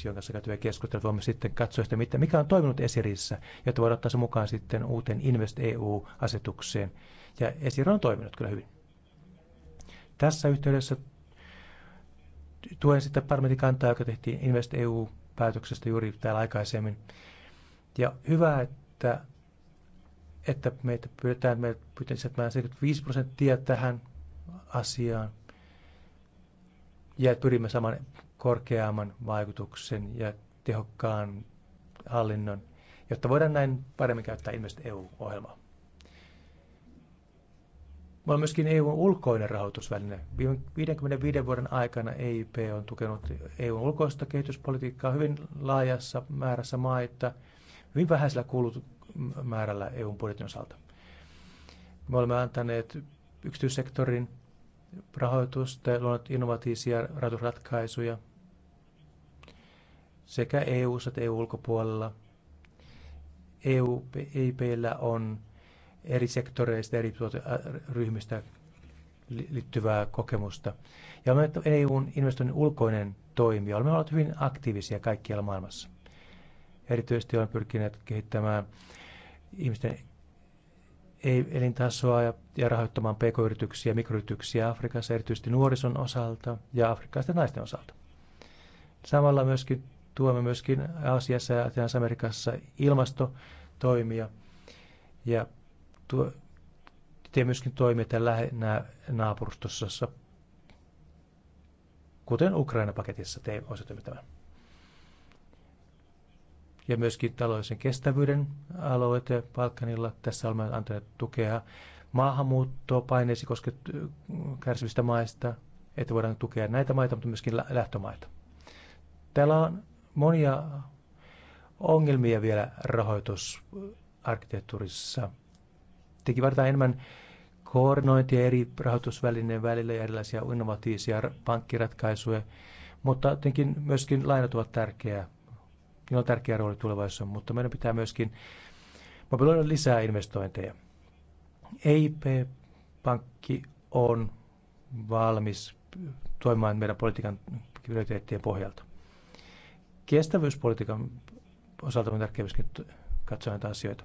komission kanssa käytyä keskustelua. Voimme sitten katsoa sitä, mitä, mikä on toiminut Esirissä, jotta voidaan ottaa se mukaan sitten uuteen Invest EU-asetukseen. Ja Esir on toiminut kyllä hyvin. Tässä yhteydessä tuen sitten parlamentin kantaa, joka tehtiin Invest EU-päätöksestä juuri täällä aikaisemmin. Ja hyvä, että, että meitä pyydetään, meitä pyydetään lisätään 75 prosenttia tähän asiaan. Ja pyrimme saamaan korkeamman vaikutuksen ja tehokkaan hallinnon, jotta voidaan näin paremmin käyttää Invest EU-ohjelmaa. on myöskin EUn ulkoinen rahoitusväline. 55 vuoden aikana EIP on tukenut EUn ulkoista kehityspolitiikkaa hyvin laajassa määrässä maita, hyvin vähäisellä kuulut EUn budjetin osalta. Me olemme antaneet yksityissektorin rahoitusta, luonut innovatiivisia rahoitusratkaisuja, sekä eu että EU-ulkopuolella. EU, EIPllä on eri sektoreista, eri ryhmistä liittyvää kokemusta. Ja olemme EUn investoinnin ulkoinen toimija. Olemme olleet hyvin aktiivisia kaikkialla maailmassa. Erityisesti olemme pyrkineet kehittämään ihmisten e-, elintasoa ja, ja rahoittamaan pk-yrityksiä, mikroyrityksiä Afrikassa, erityisesti nuorison osalta ja afrikkalaisten naisten osalta. Samalla myöskin tuomme myöskin Aasiassa ja Atenassa Amerikassa ilmastotoimia ja tuo, te myöskin toimitte lähinnä naapurustossa, kuten Ukraina-paketissa te osoitamme tämän. Ja myöskin taloudellisen kestävyyden aloite Balkanilla. Tässä olemme antaneet tukea maahanmuuttoa paineisi kosket kärsivistä maista, että voidaan tukea näitä maita, mutta myöskin lähtömaita. Täällä on monia ongelmia vielä rahoitusarkkitehtuurissa. Teki varten enemmän koordinointia eri rahoitusvälineen välillä ja erilaisia innovatiivisia pankkiratkaisuja, mutta tietenkin myöskin lainat ovat tärkeää. Niillä on tärkeä rooli tulevaisuudessa, mutta meidän pitää myöskin mobiloida lisää investointeja. EIP-pankki on valmis toimimaan meidän politiikan prioriteettien pohjalta kestävyyspolitiikan osalta on tärkeää myöskin katsoa näitä asioita.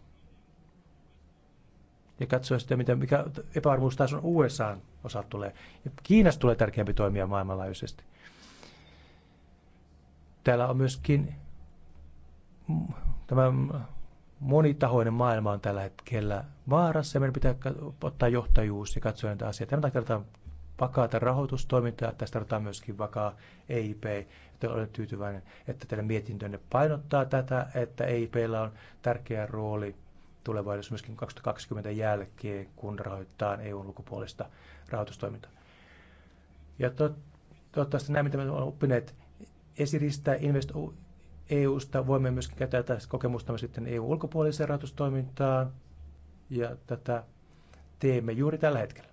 Ja katsoa sitä, mitä, mikä epävarmuus taas on USAn osalta tulee. Ja Kiinasta tulee tärkeämpi toimia maailmanlaajuisesti. Täällä on myöskin tämä monitahoinen maailma on tällä hetkellä vaarassa ja meidän pitää ottaa johtajuus ja katsoa näitä asioita. Tämän takia vakaata rahoitustoimintaa, tästä tarvitaan myöskin vakaa EIP. että olen tyytyväinen, että teidän mietintönne painottaa tätä, että EIPllä on tärkeä rooli tulevaisuudessa myöskin 2020 jälkeen, kun rahoitetaan EUn ulkopuolista rahoitustoimintaa. Ja to, toivottavasti nämä, mitä me olemme oppineet esiristä Invest EUsta, voimme myöskin käyttää tästä kokemusta sitten EU-ulkopuoliseen rahoitustoimintaan, ja tätä teemme juuri tällä hetkellä.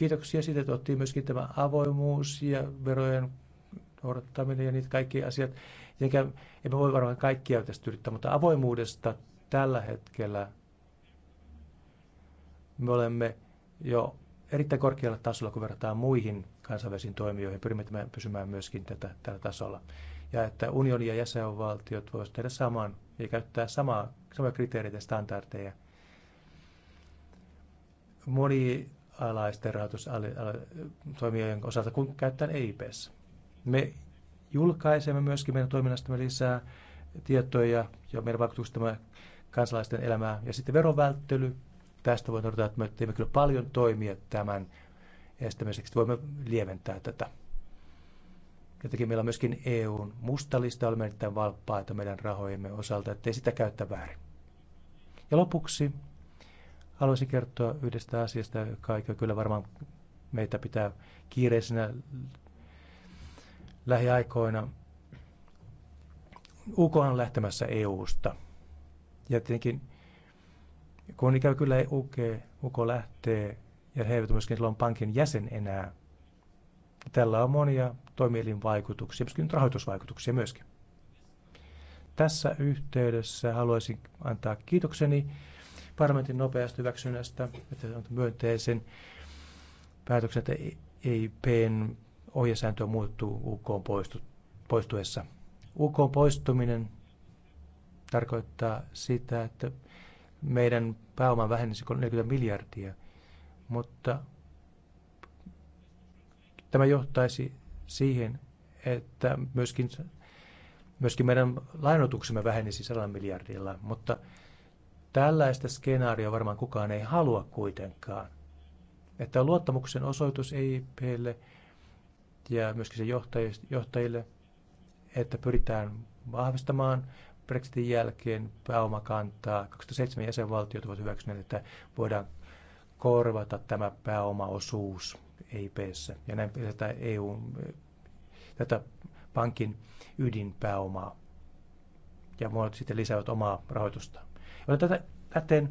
Kiitoksia siitä, että otettiin myöskin tämä avoimuus ja verojen noudattaminen ja niitä kaikki asiat. Enkä, emme voi varmaan kaikkia tästä yrittää, mutta avoimuudesta tällä hetkellä me olemme jo erittäin korkealla tasolla, kun verrataan muihin kansainvälisiin toimijoihin. Pyrimme pysymään myöskin tätä, tällä tasolla. Ja että unioni ja jäsenvaltiot voisivat tehdä saman ja käyttää samaa, samoja kriteereitä ja standardeja. Moni alaisten rahoitustoimijoiden osalta kuin käyttää EIPS. Me julkaisemme myöskin meidän toiminnastamme lisää tietoja ja meidän vaikutuksestamme kansalaisten elämää. Ja sitten verovälttely. Tästä voi todeta, että me teemme kyllä paljon toimia tämän estämiseksi. Voimme lieventää tätä. Jotenkin meillä on myöskin EUn mustalista, olemme erittäin valppaita meidän rahojemme osalta, ettei sitä käyttää väärin. Ja lopuksi Haluaisin kertoa yhdestä asiasta, joka kyllä varmaan meitä pitää kiireisenä lähiaikoina. UK on lähtemässä EU-sta. Ja tietenkin, kun ikävä kyllä UK, UK lähtee, ja he eivät myöskin silloin pankin jäsen enää, tällä on monia toimielinvaikutuksia, myöskin nyt rahoitusvaikutuksia myöskin. Tässä yhteydessä haluaisin antaa kiitokseni parlamentin nopeasta hyväksynnästä, että se on myönteisen päätöksen, että EIPn ohjesääntö muuttuu UK poistu, poistuessa. UK poistuminen tarkoittaa sitä, että meidän pääoma vähenisi 40 miljardia, mutta tämä johtaisi siihen, että myöskin, myöskin meidän lainotuksemme vähenisi 100 miljardilla, mutta Tällaista skenaarioa varmaan kukaan ei halua kuitenkaan. Että luottamuksen osoitus EIPlle ja myöskin se johtajille, että pyritään vahvistamaan Brexitin jälkeen pääomakantaa. 27 jäsenvaltiot ovat hyväksyneet, että voidaan korvata tämä pääomaosuus EIPssä. Ja näin tätä, EU, tätä pankin ydinpääomaa. Ja muut sitten lisäävät omaa rahoitusta. Olen tätä, täten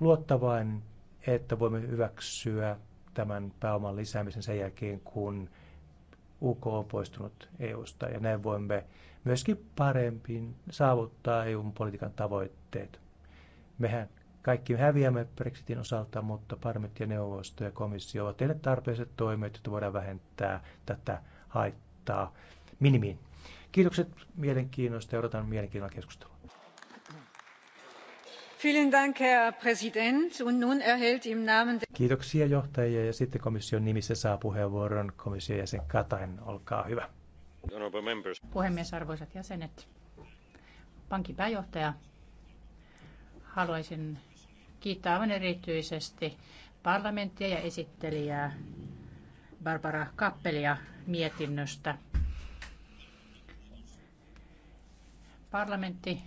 luottavainen, että voimme hyväksyä tämän pääoman lisäämisen sen jälkeen, kun UK on poistunut EUsta ja näin voimme myöskin paremmin saavuttaa EUn politiikan tavoitteet. Mehän kaikki häviämme Brexitin osalta, mutta parlamentti ja neuvosto ja komissio ovat tehneet tarpeelliset toimet, jotta voidaan vähentää tätä haittaa minimiin. Kiitokset mielenkiinnosta ja odotan mielenkiinnolla keskustelua. Kiitoksia johtajia ja sitten komission nimissä saa puheenvuoron komission jäsen Katainen. Olkaa hyvä. Puhemies, arvoisat jäsenet, pankin pääjohtaja, haluaisin kiittää aivan erityisesti parlamenttia ja esittelijää Barbara Kappelia mietinnöstä. Parlamentti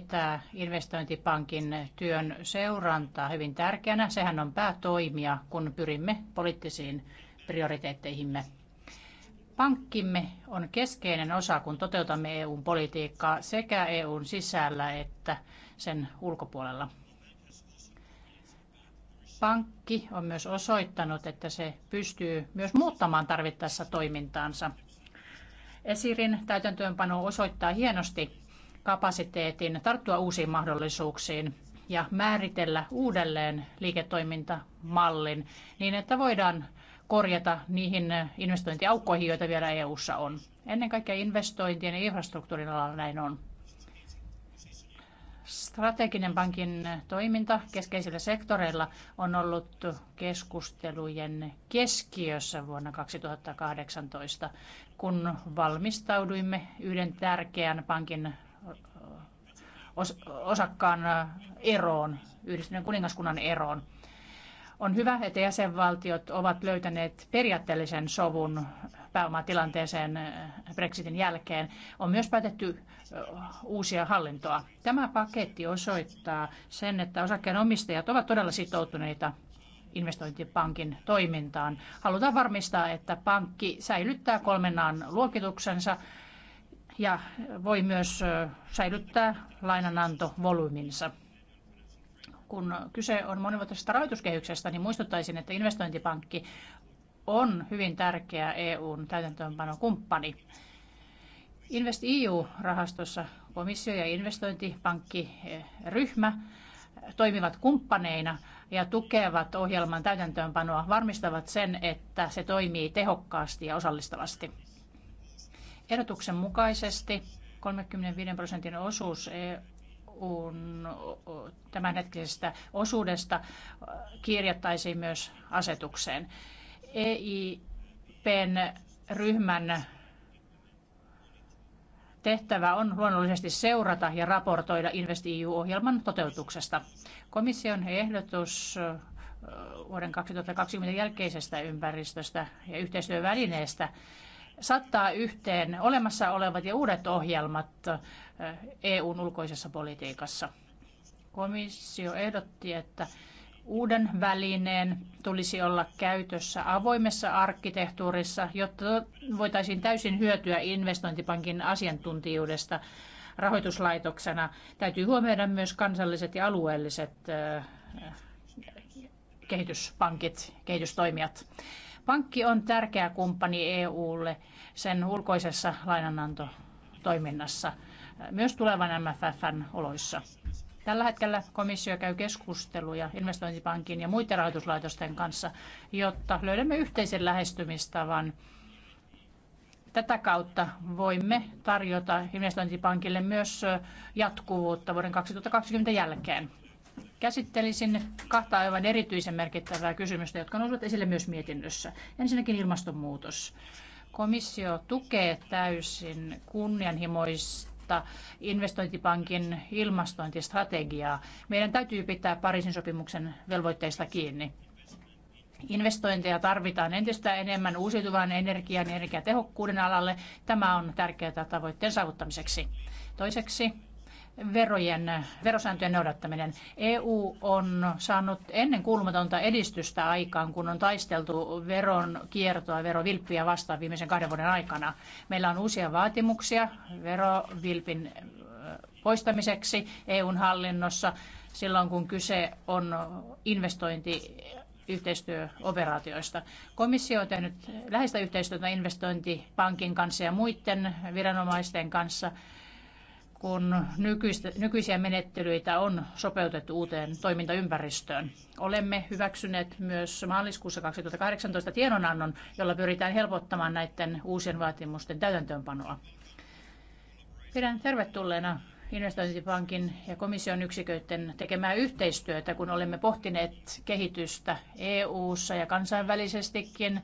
pitää investointipankin työn seurantaa hyvin tärkeänä. Sehän on päätoimia, kun pyrimme poliittisiin prioriteetteihimme. Pankkimme on keskeinen osa, kun toteutamme EUn politiikkaa sekä EUn sisällä että sen ulkopuolella. Pankki on myös osoittanut, että se pystyy myös muuttamaan tarvittaessa toimintaansa. Esirin täytäntöönpano osoittaa hienosti, kapasiteetin tarttua uusiin mahdollisuuksiin ja määritellä uudelleen liiketoimintamallin niin, että voidaan korjata niihin investointiaukkoihin, joita vielä EU:ssa on. Ennen kaikkea investointien ja infrastruktuurin alalla näin on. Strateginen pankin toiminta keskeisillä sektoreilla on ollut keskustelujen keskiössä vuonna 2018, kun valmistauduimme yhden tärkeän pankin osakkaan eroon, yhdistyneen kuningaskunnan eroon. On hyvä, että jäsenvaltiot ovat löytäneet periaatteellisen sovun pääomatilanteeseen Brexitin jälkeen. On myös päätetty uusia hallintoa. Tämä paketti osoittaa sen, että osakkeenomistajat ovat todella sitoutuneita investointipankin toimintaan. Halutaan varmistaa, että pankki säilyttää kolmenaan luokituksensa ja voi myös säilyttää lainanantovolyyminsa. Kun kyse on monivuotisesta rahoituskehyksestä, niin muistuttaisin, että investointipankki on hyvin tärkeä EUn täytäntöönpanokumppani. Invest EU-rahastossa komissio ja investointipankkiryhmä toimivat kumppaneina ja tukevat ohjelman täytäntöönpanoa, varmistavat sen, että se toimii tehokkaasti ja osallistavasti. Ehdotuksen mukaisesti 35 prosentin osuus EUn tämänhetkisestä osuudesta äh, kirjattaisiin myös asetukseen. EIPn ryhmän tehtävä on luonnollisesti seurata ja raportoida InvestEU-ohjelman toteutuksesta. Komission ehdotus äh, vuoden 2020 jälkeisestä ympäristöstä ja yhteistyövälineestä sattaa yhteen olemassa olevat ja uudet ohjelmat eh, EUn ulkoisessa politiikassa. Komissio ehdotti, että uuden välineen tulisi olla käytössä avoimessa arkkitehtuurissa, jotta voitaisiin täysin hyötyä investointipankin asiantuntijuudesta rahoituslaitoksena. Täytyy huomioida myös kansalliset ja alueelliset eh, kehityspankit, kehitystoimijat. Pankki on tärkeä kumppani EUlle sen ulkoisessa lainanantotoiminnassa, myös tulevan MFFn oloissa. Tällä hetkellä komissio käy keskusteluja investointipankin ja muiden rahoituslaitosten kanssa, jotta löydämme yhteisen lähestymistavan. Tätä kautta voimme tarjota investointipankille myös jatkuvuutta vuoden 2020 jälkeen. Käsittelisin kahta aivan erityisen merkittävää kysymystä, jotka nousivat esille myös mietinnössä. Ensinnäkin ilmastonmuutos. Komissio tukee täysin kunnianhimoista investointipankin ilmastointistrategiaa. Meidän täytyy pitää Pariisin sopimuksen velvoitteista kiinni. Investointeja tarvitaan entistä enemmän uusiutuvan energian ja energiatehokkuuden alalle. Tämä on tärkeää tavoitteen saavuttamiseksi. Toiseksi verojen, verosääntöjen noudattaminen. EU on saanut ennen kuulumatonta edistystä aikaan, kun on taisteltu veron kiertoa, verovilppiä vastaan viimeisen kahden vuoden aikana. Meillä on uusia vaatimuksia verovilpin poistamiseksi EUn hallinnossa silloin, kun kyse on investointi yhteistyöoperaatioista. Komissio on tehnyt läheistä yhteistyötä investointipankin kanssa ja muiden viranomaisten kanssa kun nykyistä, nykyisiä menettelyitä on sopeutettu uuteen toimintaympäristöön. Olemme hyväksyneet myös maaliskuussa 2018 tiedonannon, jolla pyritään helpottamaan näiden uusien vaatimusten täytäntöönpanoa. Pidän tervetulleena investointipankin ja komission yksiköiden tekemää yhteistyötä, kun olemme pohtineet kehitystä EU-ssa ja kansainvälisestikin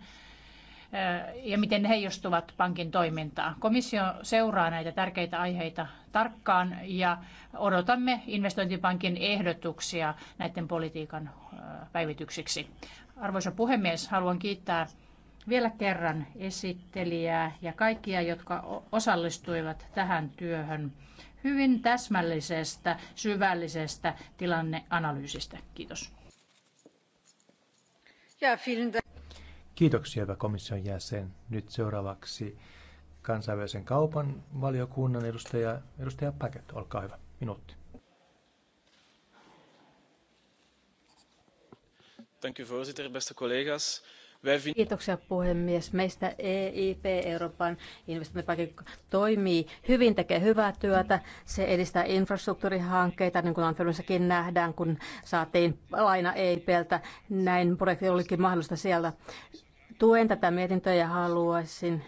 ja miten ne heijastuvat pankin toimintaan. Komissio seuraa näitä tärkeitä aiheita tarkkaan ja odotamme investointipankin ehdotuksia näiden politiikan päivityksiksi. Arvoisa puhemies, haluan kiittää vielä kerran esittelijää ja kaikkia, jotka osallistuivat tähän työhön hyvin täsmällisestä, syvällisestä tilanneanalyysistä. Kiitos. Ja, Kiitoksia, hyvä komission jäsen. Nyt seuraavaksi kansainvälisen kaupan valiokunnan edustaja, edustaja Paket, olkaa hyvä, minuutti. Kiitoksia puhemies. Meistä EIP, Euroopan investointipankki, toimii hyvin, tekee hyvää työtä. Se edistää infrastruktuurihankkeita, niin kuin Antelmissakin nähdään, kun saatiin laina EIPltä. Näin projekti olikin mahdollista siellä. Tuen tätä mietintöä ja haluaisin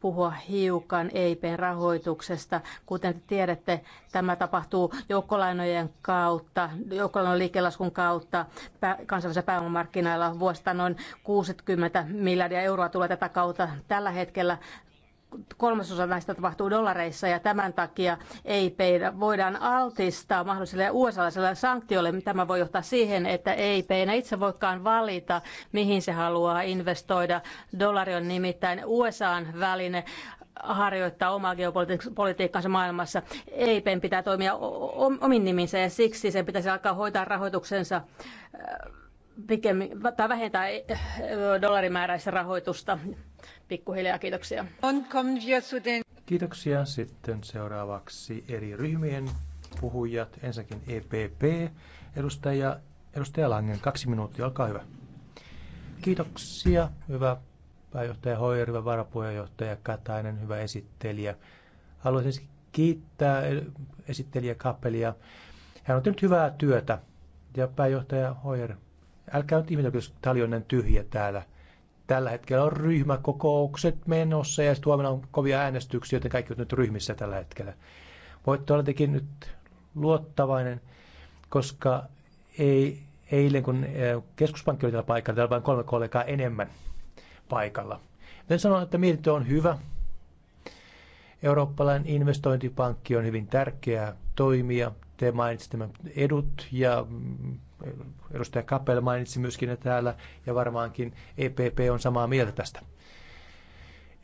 puhua hiukan EIPn rahoituksesta. Kuten te tiedätte, tämä tapahtuu joukkolainojen kautta, joukkolainojen liikelaskun kautta kansallisella pääomamarkkinoilla vuosittain noin 60 miljardia euroa tulee tätä kautta. Tällä hetkellä kolmasosa näistä tapahtuu dollareissa ja tämän takia EIP voidaan altistaa mahdollisille USA-laisille sanktioille. Tämä voi johtaa siihen, että EIP ei itse voikaan valita, mihin se haluaa investoida. Dollari on nimittäin USAn väline harjoittaa omaa geopolitiikkaansa maailmassa. EIPn pitää toimia omin niminsä ja siksi sen pitäisi alkaa hoitaa rahoituksensa pikemmin, tai vähentää eh, eh, dollarimääräistä rahoitusta. Pikkuhiljaa, kiitoksia. Kiitoksia. Sitten seuraavaksi eri ryhmien puhujat. Ensinnäkin EPP, edustaja, edustaja Langen, kaksi minuuttia, olkaa hyvä. Kiitoksia, hyvä pääjohtaja Hoyer, hyvä varapuheenjohtaja Katainen, hyvä esittelijä. Haluaisin kiittää eh, esittelijä Kapelia. Hän on tehnyt hyvää työtä ja pääjohtaja Hoyer Älkää nyt ihmetä, jos taljonnen tyhjä täällä. Tällä hetkellä on ryhmäkokoukset menossa ja sitten huomenna on kovia äänestyksiä, joten kaikki on nyt ryhmissä tällä hetkellä. Voitte olla tekin nyt luottavainen, koska ei, eilen kun keskuspankki oli täällä paikalla, täällä vain kolme kollegaa enemmän paikalla. Joten sanon, että mietintö on hyvä. Eurooppalainen investointipankki on hyvin tärkeä toimija. Te mainitsitte edut ja Edustaja Kapel mainitsi myöskin ne täällä, ja varmaankin EPP on samaa mieltä tästä.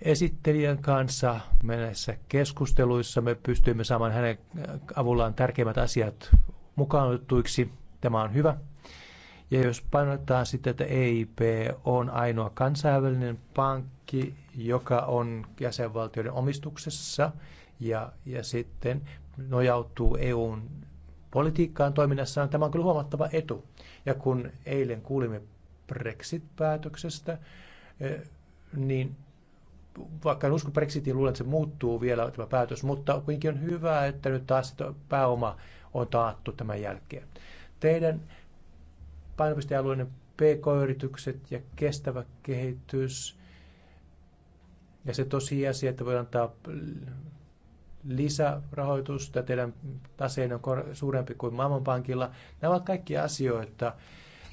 Esittelijän kanssa menessä keskusteluissa me pystyimme saamaan hänen avullaan tärkeimmät asiat mukaan otettuiksi. Tämä on hyvä. Ja jos painotetaan sitten, että EIP on ainoa kansainvälinen pankki, joka on jäsenvaltioiden omistuksessa ja, ja sitten nojautuu EUn politiikkaan toiminnassaan. Tämä on kyllä huomattava etu. Ja kun eilen kuulimme Brexit-päätöksestä, eh, niin vaikka en usko Brexitiin, luulen, että se muuttuu vielä tämä päätös, mutta kuitenkin on hyvä, että nyt taas pääoma on taattu tämän jälkeen. Teidän painopistealueiden PK-yritykset ja kestävä kehitys ja se tosiasia, että voidaan antaa lisärahoitusta, teidän taseenne on suurempi kuin Maailmanpankilla. Nämä ovat kaikki asioita,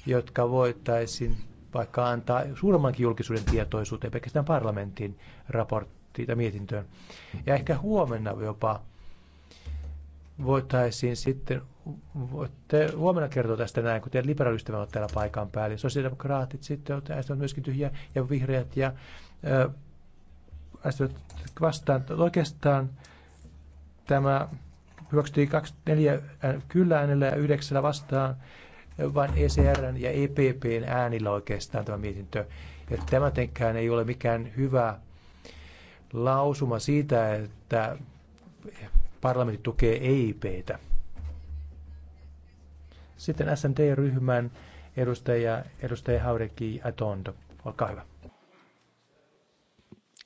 jotka voitaisiin vaikka antaa suuremmankin julkisuuden tietoisuuteen, pelkästään parlamentin raporttiin tai mietintöön. Ja ehkä huomenna jopa voitaisiin sitten, voitte huomenna kertoa tästä näin, kun teidän liberaalistamme on täällä paikan päällä. Sosiaalidemokraatit sitten on myöskin tyhjiä ja vihreät ja äänestävät vastaan. Oikeastaan Tämä hyväksyttiin 24 kyllä äänellä ja yhdeksällä vastaan, vain ECRn ja EPPn äänillä oikeastaan tämä mietintö. Ja tämätenkään ei ole mikään hyvä lausuma siitä, että parlamentti tukee EIPtä. Sitten SNT-ryhmän edustaja, edustaja Haureki Atondo, olkaa hyvä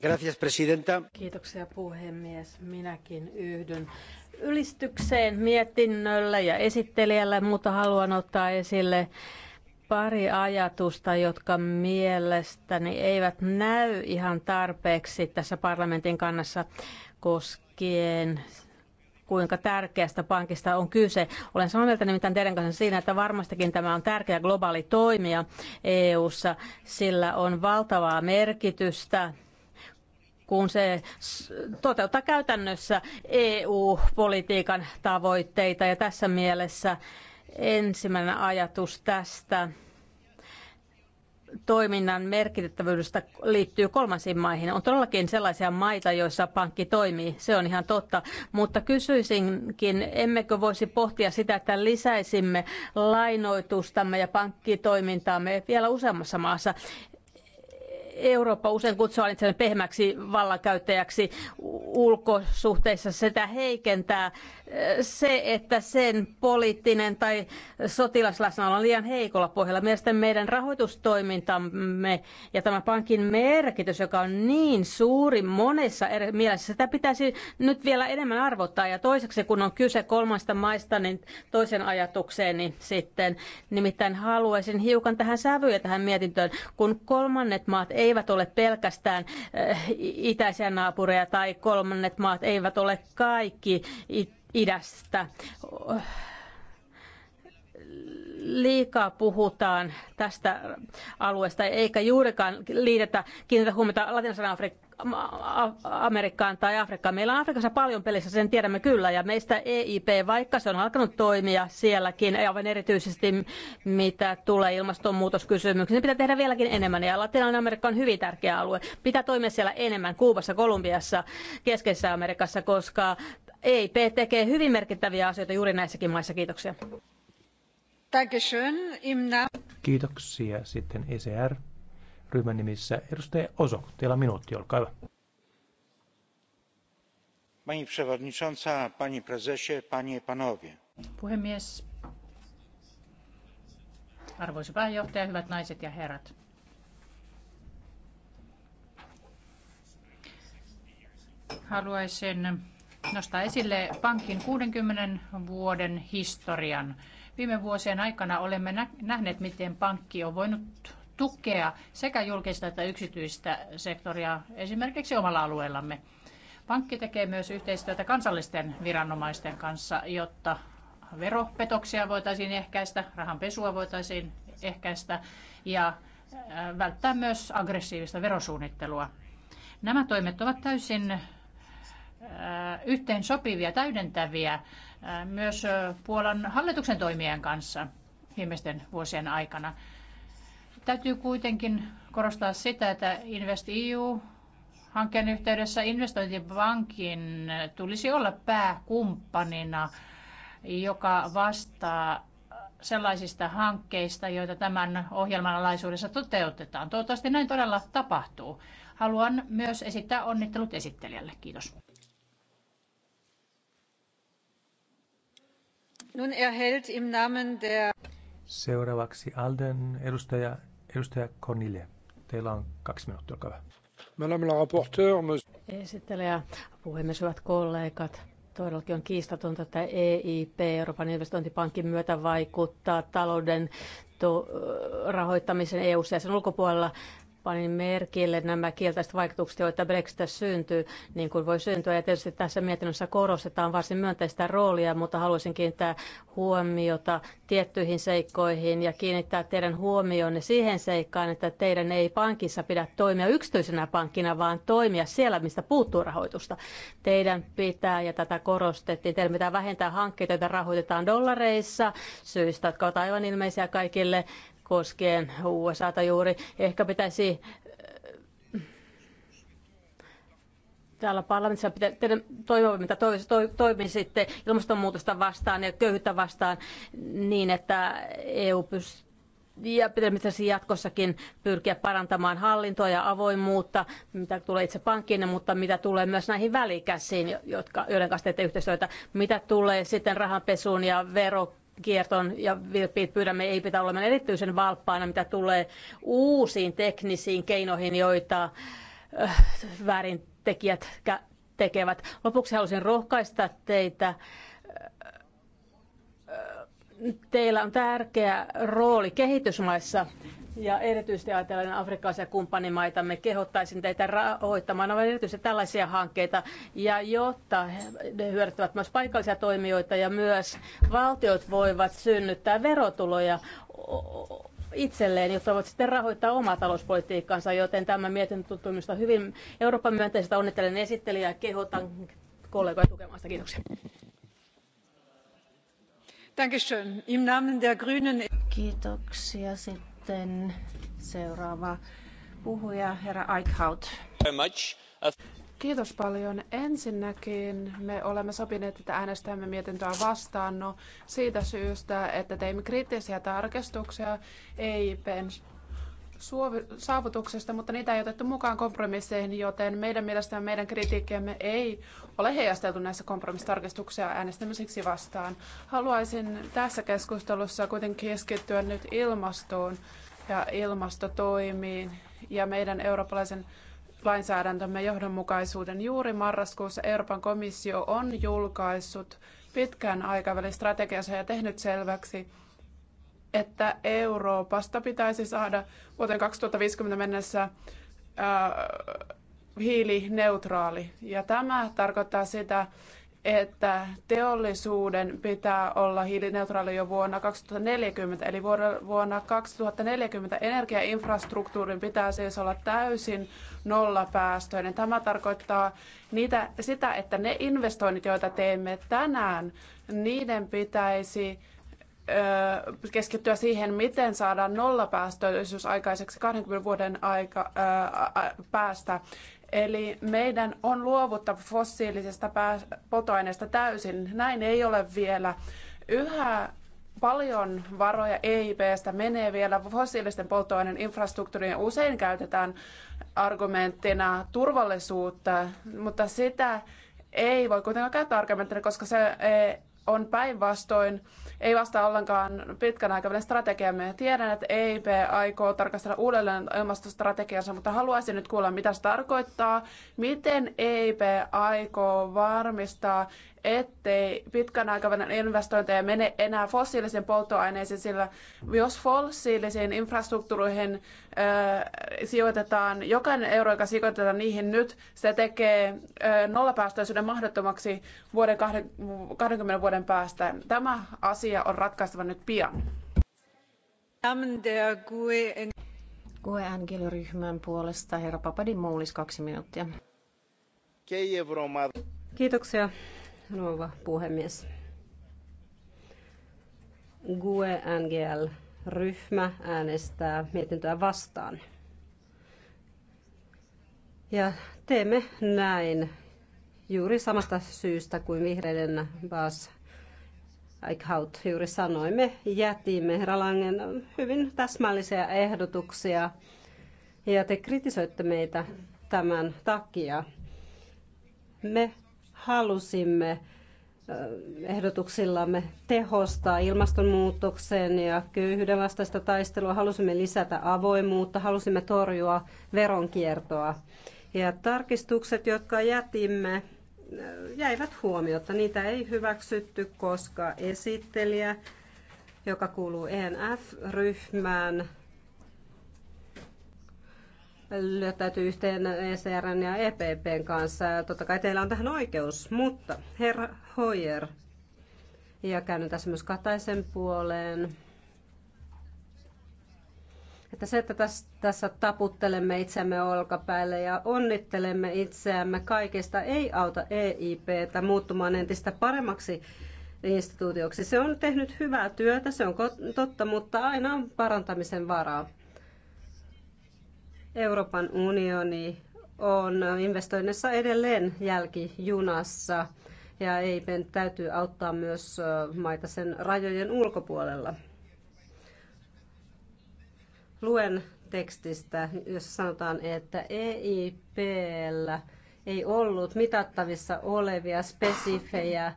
arvoisa puhemies Kiitoksia puhemies. Minäkin yhdyn ylistykseen mietinnölle ja esittelijälle, mutta haluan ottaa esille pari ajatusta, jotka mielestäni eivät näy ihan tarpeeksi tässä parlamentin kannassa koskien kuinka tärkeästä pankista on kyse. Olen samaa mieltä nimittäin teidän kanssa siinä, että varmastikin tämä on tärkeä globaali toimija EU:ssa, sillä on valtavaa merkitystä kun se toteuttaa käytännössä EU-politiikan tavoitteita. Ja tässä mielessä ensimmäinen ajatus tästä toiminnan merkittävyydestä liittyy kolmansiin maihin. On todellakin sellaisia maita, joissa pankki toimii, se on ihan totta. Mutta kysyisinkin, emmekö voisi pohtia sitä, että lisäisimme lainoitustamme ja pankkitoimintaamme vielä useammassa maassa. Eurooppa usein kutsuu itseään pehmäksi vallankäyttäjäksi ulkosuhteissa. Sitä heikentää eh, se, että sen poliittinen tai sotilasläsnäolo on liian heikolla pohjalla. Mielestäni meidän rahoitustoimintamme ja tämä pankin merkitys, joka on niin suuri monessa eri mielessä, sitä pitäisi nyt vielä enemmän arvottaa. Ja toiseksi, kun on kyse kolmasta maista, niin toisen ajatukseeni sitten nimittäin haluaisin hiukan tähän ja tähän mietintöön, kun kolmannet maat ei eivät ole pelkästään eh, itäisiä naapureja tai kolmannet maat, eivät ole kaikki idästä liikaa puhutaan tästä alueesta, eikä juurikaan liitetä, kiinnitä huomiota Latinalaisen Afrik- Amerikkaan tai Afrikkaan. Meillä on Afrikassa paljon pelissä, sen tiedämme kyllä, ja meistä EIP, vaikka se on alkanut toimia sielläkin, aivan erityisesti mitä tulee ilmastonmuutoskysymyksiin, pitää tehdä vieläkin enemmän, ja Latinalainen Amerikka on hyvin tärkeä alue. Pitää toimia siellä enemmän, Kuubassa, Kolumbiassa, Keskeisessä Amerikassa, koska EIP tekee hyvin merkittäviä asioita juuri näissäkin maissa. Kiitoksia. Kiitoksia. Sitten ECR ryhmän nimissä edustaja Oso. Teillä on minuutti, olkaa hyvä. Pani przewodnicząca, pani prezesie, panie panowie. Puhemies, arvoisa pääjohtaja, hyvät naiset ja herrat. Haluaisin nostaa esille pankin 60 vuoden historian. Viime vuosien aikana olemme nähneet, miten pankki on voinut tukea sekä julkista että yksityistä sektoria esimerkiksi omalla alueellamme. Pankki tekee myös yhteistyötä kansallisten viranomaisten kanssa, jotta veropetoksia voitaisiin ehkäistä, rahanpesua voitaisiin ehkäistä ja äh, välttää myös aggressiivista verosuunnittelua. Nämä toimet ovat täysin äh, yhteen sopivia, täydentäviä äh, myös Puolan hallituksen toimien kanssa viimeisten vuosien aikana. Täytyy kuitenkin korostaa sitä, että InvestEU hankkeen yhteydessä investointipankin tulisi olla pääkumppanina, joka vastaa sellaisista hankkeista, joita tämän ohjelman alaisuudessa toteutetaan. Toivottavasti näin todella tapahtuu. Haluan myös esittää onnittelut esittelijälle. Kiitos. Nun erhält im Namen der... Seuraavaksi Alden edustaja Edustaja Cornille, teillä on kaksi minuuttia, olkaa hyvä. Madame la rapporteur, Esittelijä, puhemies, hyvät kollegat. Todellakin on kiistatonta, että EIP, Euroopan investointipankin myötä vaikuttaa talouden to- rahoittamisen eu sijaisen ulkopuolella panin merkille nämä kielteiset vaikutukset, joita Brexit syntyy, niin kuin voi syntyä. Ja tietysti tässä mietinnössä korostetaan varsin myönteistä roolia, mutta haluaisin kiinnittää huomiota tiettyihin seikkoihin ja kiinnittää teidän huomionne siihen seikkaan, että teidän ei pankissa pidä toimia yksityisenä pankkina, vaan toimia siellä, mistä puuttuu rahoitusta. Teidän pitää, ja tätä korostettiin, teidän pitää vähentää hankkeita, joita rahoitetaan dollareissa, syistä, jotka ovat aivan ilmeisiä kaikille, koskien USAta juuri. Ehkä pitäisi äh, täällä parlamentissa pitää, teidän toivoa, mitä toimisitte ilmastonmuutosta vastaan ja köyhyyttä vastaan niin, että EU pystyy ja pitäisi jatkossakin pyrkiä parantamaan hallintoa ja avoimuutta, mitä tulee itse pankkiin, mutta mitä tulee myös näihin välikäsiin, jotka, joiden kanssa teette yhteistyötä, mitä tulee sitten rahanpesuun ja vero kierton ja vilppiit pyydämme ei pitää olla erityisen valppaana, mitä tulee uusiin teknisiin keinoihin, joita äh, väärintekijät tekevät. Lopuksi haluaisin rohkaista teitä äh, äh, teillä on tärkeä rooli kehitysmaissa ja erityisesti ajatellen afrikkalaisia me kehottaisin teitä rahoittamaan aivan erityisesti tällaisia hankkeita. Ja jotta ne hyödyttävät myös paikallisia toimijoita ja myös valtiot voivat synnyttää verotuloja itselleen, jotta voit sitten rahoittaa omaa talouspolitiikkaansa, joten tämä mietintö tutumista hyvin Euroopan myönteisestä onnittelen esittelijää ja kehotan kollegoja tukemaan sitä. Kiitoksia. Kiitoksia. Sitten sitten seuraava puhuja, herra Eichhout. Kiitos paljon. Ensinnäkin me olemme sopineet, että äänestämme mietintöä vastaan no, siitä syystä, että teimme kriittisiä tarkistuksia EIPn saavutuksesta, mutta niitä ei otettu mukaan kompromisseihin, joten meidän mielestämme meidän kritiikkiämme ei ole heijasteltu näissä kompromissitarkistuksia äänestämiseksi vastaan. Haluaisin tässä keskustelussa kuitenkin keskittyä nyt ilmastoon ja ilmastotoimiin ja meidän eurooppalaisen lainsäädäntömme johdonmukaisuuden. Juuri marraskuussa Euroopan komissio on julkaissut pitkän aikavälin strategiansa ja tehnyt selväksi, että Euroopasta pitäisi saada vuoteen 2050 mennessä ää, hiilineutraali. Ja tämä tarkoittaa sitä, että teollisuuden pitää olla hiilineutraali jo vuonna 2040, eli vuonna 2040 energiainfrastruktuurin pitää siis olla täysin nollapäästöinen. Tämä tarkoittaa niitä, sitä, että ne investoinnit, joita teemme tänään, niiden pitäisi keskittyä siihen, miten saadaan nollapäästöisyys aikaiseksi 20 vuoden aika, ää, päästä. Eli meidän on luovuttava fossiilisesta polttoaineesta täysin. Näin ei ole vielä. Yhä paljon varoja EIPstä menee vielä fossiilisten polttoaineen infrastruktuuriin. Usein käytetään argumenttina turvallisuutta, mutta sitä ei voi kuitenkaan käyttää argumenttina, koska se e, on päinvastoin, ei vastaa ollenkaan pitkän aikavälin strategiamme. Tiedän, että EIP aikoo tarkastella uudelleen ilmastostrategiansa, mutta haluaisin nyt kuulla, mitä se tarkoittaa. Miten EIP aikoo varmistaa, ettei pitkän aikavälin investointeja mene enää fossiilisiin polttoaineisiin, sillä jos fossiilisiin infrastruktuureihin sijoitetaan, jokainen euro, joka sijoitetaan niihin nyt, se tekee ö, nollapäästöisyyden mahdottomaksi vuoden 20 vuoden päästä. Tämä asia on ratkaistava nyt pian. gue ryhmän puolesta herra Papadimoulis kaksi minuuttia. Kiitoksia rouva puhemies. GUE NGL-ryhmä äänestää mietintöä vastaan. Ja teemme näin juuri samasta syystä kuin vihreiden Bas Eichhout juuri sanoimme, jätimme Ralangen hyvin täsmällisiä ehdotuksia ja te kritisoitte meitä tämän takia. Me halusimme ehdotuksillamme tehostaa ilmastonmuutoksen ja köyhyyden vastaista taistelua, halusimme lisätä avoimuutta, halusimme torjua veronkiertoa. Ja tarkistukset, jotka jätimme, jäivät huomiota. Niitä ei hyväksytty, koska esittelijä, joka kuuluu ENF-ryhmään, lyöttäytyy yhteen ECRn ja EPPn kanssa. Ja totta kai teillä on tähän oikeus, mutta herra Hoyer, ja käännyn tässä myös Kataisen puoleen, että se, että tässä, tässä taputtelemme itseämme olkapäille ja onnittelemme itseämme kaikesta, ei auta EIPtä muuttumaan entistä paremmaksi instituutioksi. Se on tehnyt hyvää työtä, se on totta, mutta aina on parantamisen varaa. Euroopan unioni on investoinnissa edelleen jälkijunassa ja EIPen täytyy auttaa myös maita sen rajojen ulkopuolella. Luen tekstistä, jossa sanotaan, että EIPllä ei ollut mitattavissa olevia spesifejä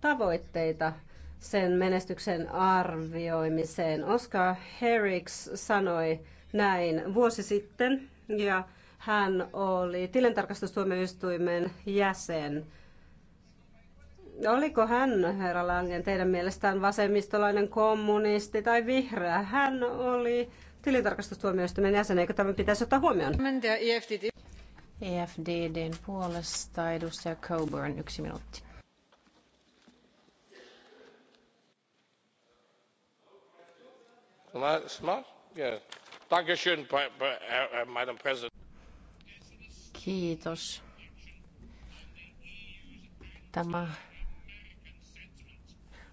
tavoitteita sen menestyksen arvioimiseen. Oscar Herricks sanoi, näin vuosi sitten ja hän oli tilintarkastustuomioistuimen jäsen. Oliko hän, herra Langen, teidän mielestään vasemmistolainen kommunisti tai vihreä? Hän oli tilintarkastustuomioistuimen jäsen, eikö tämä pitäisi ottaa huomioon? EFDDn puolesta edustaja Coburn, yksi minuutti. Smart? Yeah. Kiitos. Tämä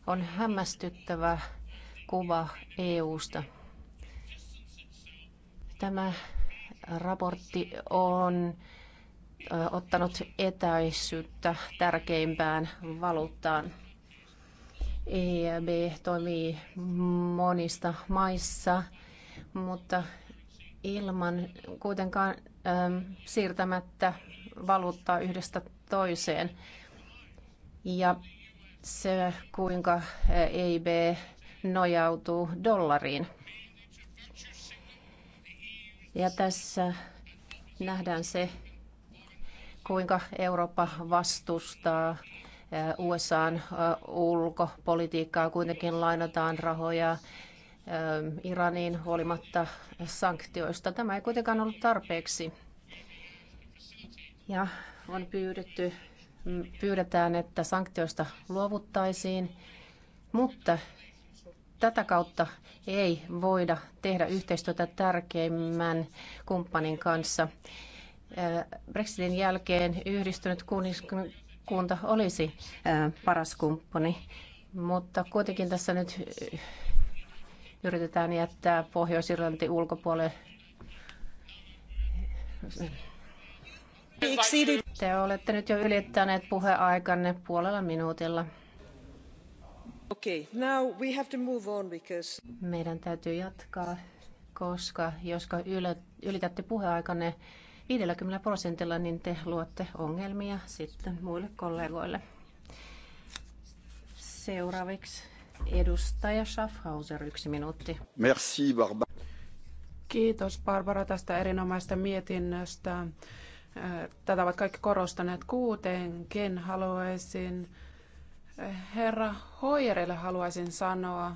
on hämmästyttävä kuva EUsta. Tämä raportti on ottanut etäisyyttä tärkeimpään valuuttaan. EIB toimii monista maissa mutta ilman kuitenkaan ähm, siirtämättä valuuttaa yhdestä toiseen. Ja se, kuinka äh, EIB nojautuu dollariin. Ja tässä nähdään se, kuinka Eurooppa vastustaa äh, USAn äh, ulkopolitiikkaa, kuitenkin lainataan rahoja Iraniin huolimatta sanktioista. Tämä ei kuitenkaan ollut tarpeeksi. Ja on pyydetty, pyydetään, että sanktioista luovuttaisiin, mutta tätä kautta ei voida tehdä yhteistyötä tärkeimmän kumppanin kanssa. Brexitin jälkeen yhdistynyt kuningaskunta olisi paras kumppani, mutta kuitenkin tässä nyt yritetään jättää Pohjois-Irlanti ulkopuolelle. Te olette nyt jo ylittäneet puheaikanne puolella minuutilla. Okay, now we have to move on because... Meidän täytyy jatkaa, koska jos ylitätte puheaikanne 50 prosentilla, niin te luotte ongelmia sitten muille kollegoille. Seuraavaksi Edustaja Schaffhauser, yksi minuutti. Merci, Barbara. Kiitos Barbara tästä erinomaisesta mietinnöstä. Äh, tätä ovat kaikki korostaneet kuitenkin Haluaisin äh, herra Hoijerille haluaisin sanoa, äh,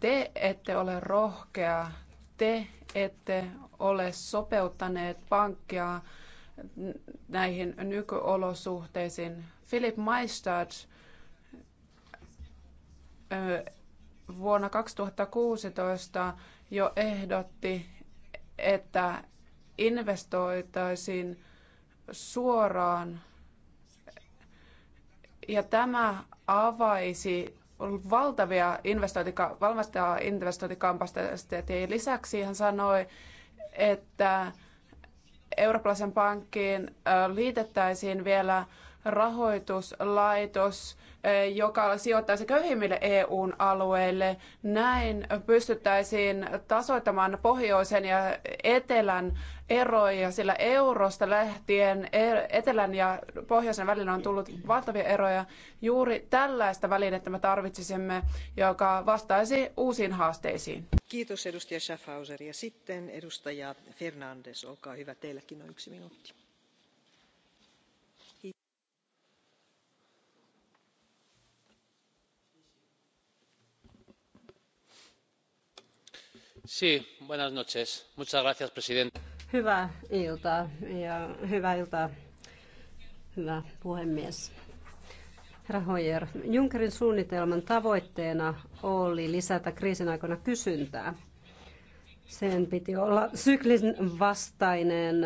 te ette ole rohkea, te ette ole sopeuttaneet pankkia näihin nykyolosuhteisiin. Philip Maistad vuonna 2016 jo ehdotti, että investoitaisiin suoraan ja tämä avaisi valtavia investointika- valmistavaa investointikapasiteettia. Ja lisäksi hän sanoi, että eurooppalaisen pankkiin liitettäisiin vielä rahoituslaitos, eh, joka sijoittaisi köyhimmille EUn alueille. Näin pystyttäisiin tasoittamaan pohjoisen ja etelän eroja, sillä eurosta lähtien er, etelän ja pohjoisen välillä on tullut valtavia eroja. Juuri tällaista välinettä me tarvitsisimme, joka vastaisi uusiin haasteisiin. Kiitos edustaja Schaffhauser. Ja sitten edustaja Fernandes, olkaa hyvä, teilläkin on yksi minuutti señor Hyvää iltaa ja hyvää iltaa, hyvä puhemies. Herra Hoyer, Junckerin suunnitelman tavoitteena oli lisätä kriisin aikana kysyntää. Sen piti olla syklin vastainen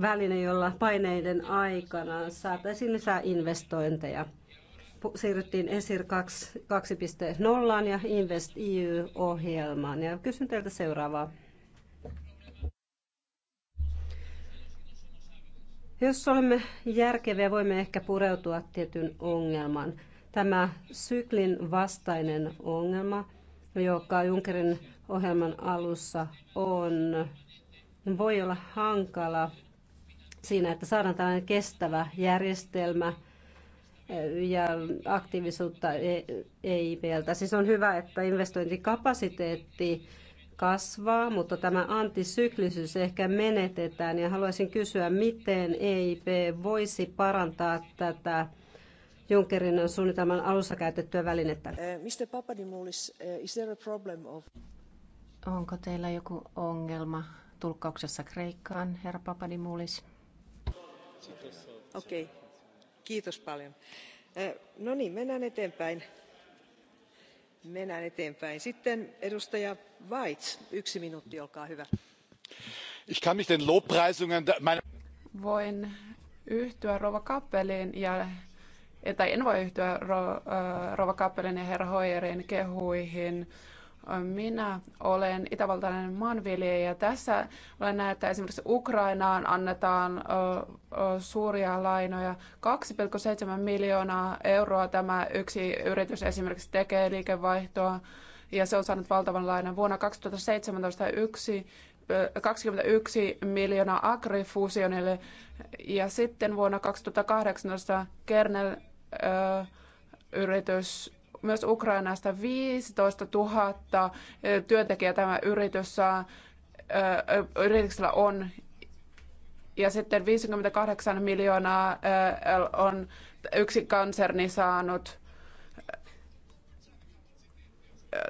väline, jolla paineiden aikana saataisiin lisää investointeja siirryttiin ESIR 2.0 ja Invest EU-ohjelmaan. Ja kysyn teiltä seuraavaa. Jos olemme järkeviä, voimme ehkä pureutua tietyn ongelman. Tämä syklin vastainen ongelma, joka Junckerin ohjelman alussa on, voi olla hankala siinä, että saadaan tällainen kestävä järjestelmä – ja aktiivisuutta EIPltä. E siis on hyvä, että investointikapasiteetti kasvaa, mutta tämä antisyklisyys ehkä menetetään ja haluaisin kysyä, miten EIP voisi parantaa tätä Junckerin suunnitelman alussa käytettyä välinettä. Eh, Mr. Papadimoulis, eh, is there a problem of... Onko teillä joku ongelma tulkkauksessa Kreikkaan, herra Papadimoulis? Okei. Okay kiitos paljon. No niin, mennään eteenpäin. Mennään eteenpäin. Sitten edustaja Weitz, yksi minuutti, olkaa hyvä. Voin yhtyä Rova Kappeliin ja tai en voi yhtyä Rova Kappelin ja Herra Hoyerin kehuihin minä olen itävaltainen maanviljelijä. Tässä olen näin, että esimerkiksi Ukrainaan annetaan suuria lainoja. 2,7 miljoonaa euroa tämä yksi yritys esimerkiksi tekee liikevaihtoa ja se on saanut valtavan lainan. Vuonna 2017 yksi 21 miljoonaa agrifusionille ja sitten vuonna 2018 Kernel yritys myös Ukrainasta 15 000 työntekijää tämä yritys saa, yrityksellä on ja sitten 58 miljoonaa on yksi konserni saanut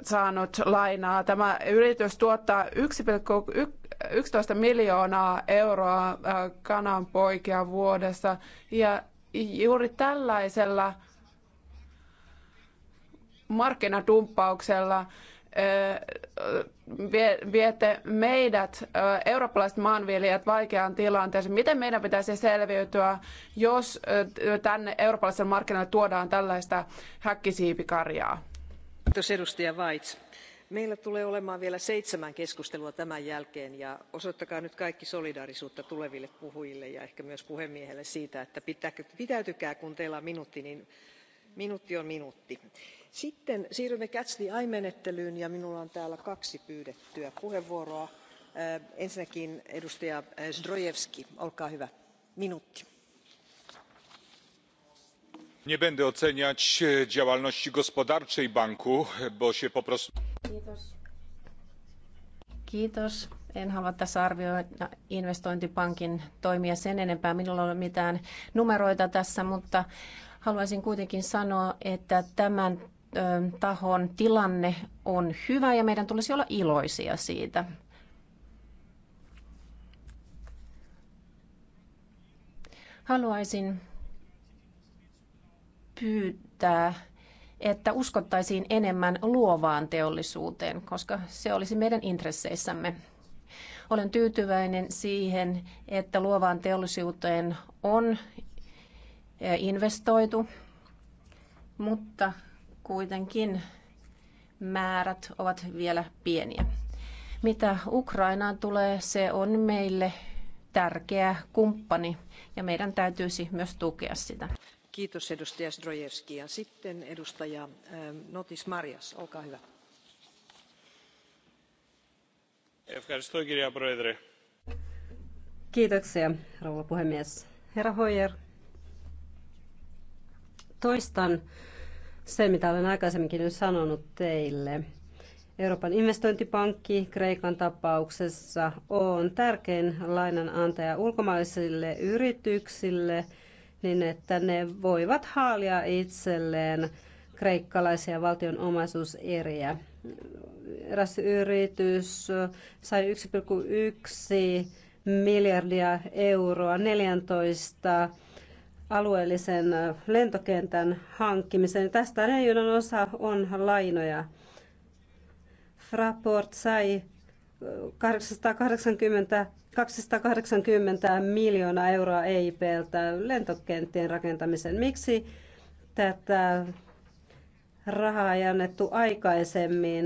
saanut lainaa. Tämä yritys tuottaa 1,11 miljoonaa euroa kananpoikia vuodessa ja juuri tällaisella markkinadumppauksella viette meidät, eurooppalaiset maanviljelijät, vaikeaan tilanteeseen. Miten meidän pitäisi selviytyä, jos tänne eurooppalaiselle markkinoille tuodaan tällaista häkkisiipikarjaa? Kiitos edustaja Weitz. Meillä tulee olemaan vielä seitsemän keskustelua tämän jälkeen ja osoittakaa nyt kaikki solidaarisuutta tuleville puhujille ja ehkä myös puhemiehelle siitä, että pitäytykää kun teillä on minuutti, niin minuutti on minuutti. sitten siirrymme catch the menettelyyn ja minulla on täällä kaksi pyydettyä puheenvuoroa. Äh, ensinnäkin edustaja äh, zdrojewski olkaa hyvä minuutti. nie będę oceniać e, działalności gospodarczej banku bo się po prostu. Kiitos. Kiitos. En halua tässä arvioida investointipankin toimia sen enempää. Minulla ei ole mitään numeroita tässä, mutta Haluaisin kuitenkin sanoa, että tämän tahon tilanne on hyvä ja meidän tulisi olla iloisia siitä. Haluaisin pyytää, että uskottaisiin enemmän luovaan teollisuuteen, koska se olisi meidän intresseissämme. Olen tyytyväinen siihen, että luovaan teollisuuteen on investoitu, mutta kuitenkin määrät ovat vielä pieniä. Mitä Ukrainaan tulee, se on meille tärkeä kumppani ja meidän täytyisi myös tukea sitä. Kiitos edustaja Zdrojewski. Ja sitten edustaja ähm, Notis Marias, olkaa hyvä. Kiitoksia, rouva puhemies. Herra Hoyer, Toistan se, mitä olen aikaisemminkin jo sanonut teille. Euroopan investointipankki Kreikan tapauksessa on tärkein lainanantaja ulkomaisille yrityksille, niin että ne voivat haalia itselleen kreikkalaisia valtion omaisuuseriä. Eräs yritys sai 1,1 miljardia euroa 14 alueellisen lentokentän hankkimiseen. Tästä leijonan osa on lainoja. Fraport sai 880, 280 miljoonaa euroa EIPltä lentokenttien rakentamiseen. Miksi tätä rahaa ei annettu aikaisemmin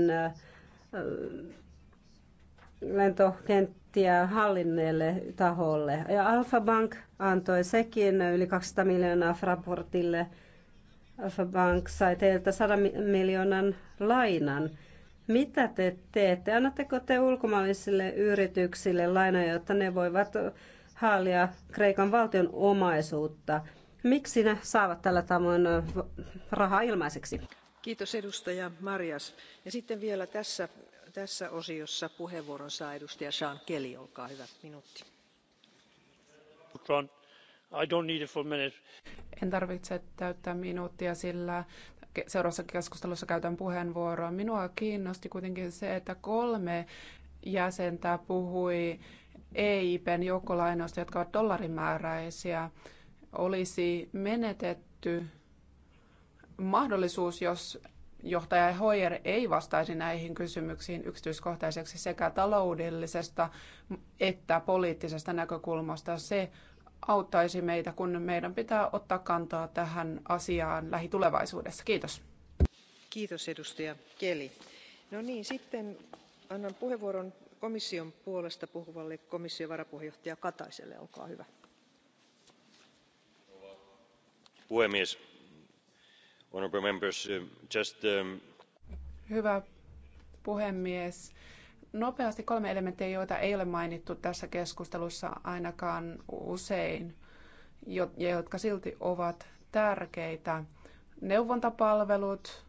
lentokenttä? budjettia hallinneelle taholle. Ja Alfa Bank antoi sekin yli 200 miljoonaa Fraportille. Alfa Bank sai teiltä 100 miljoonan lainan. Mitä te teette? Annatteko te ulkomaalaisille yrityksille lainoja, jotta ne voivat haalia Kreikan valtion omaisuutta? Miksi ne saavat tällä tavoin äh, rahaa ilmaiseksi? Kiitos edustaja Marias. Ja sitten vielä tässä tässä osiossa puheenvuoron saa edustaja sean kelly olkaa hyvä minuutti. en tarvitse täyttää minuuttia sillä seuraavassa keskustelussa käytän puheenvuoroa. Minua kiinnosti kuitenkin se, että kolme jäsentä puhui EIPn joukkolainoista, jotka ovat dollarimääräisiä. Olisi menetetty mahdollisuus, jos johtaja Hoyer ei vastaisi näihin kysymyksiin yksityiskohtaiseksi sekä taloudellisesta että poliittisesta näkökulmasta. Se auttaisi meitä, kun meidän pitää ottaa kantaa tähän asiaan lähitulevaisuudessa. Kiitos. Kiitos edustaja Keli. No niin, sitten annan puheenvuoron komission puolesta puhuvalle komission varapuheenjohtaja Kataiselle. Olkaa hyvä. Puhemies Um, um, Hyvä puhemies. Nopeasti kolme elementtiä, joita ei ole mainittu tässä keskustelussa ainakaan usein, ja jotka silti ovat tärkeitä. Neuvontapalvelut,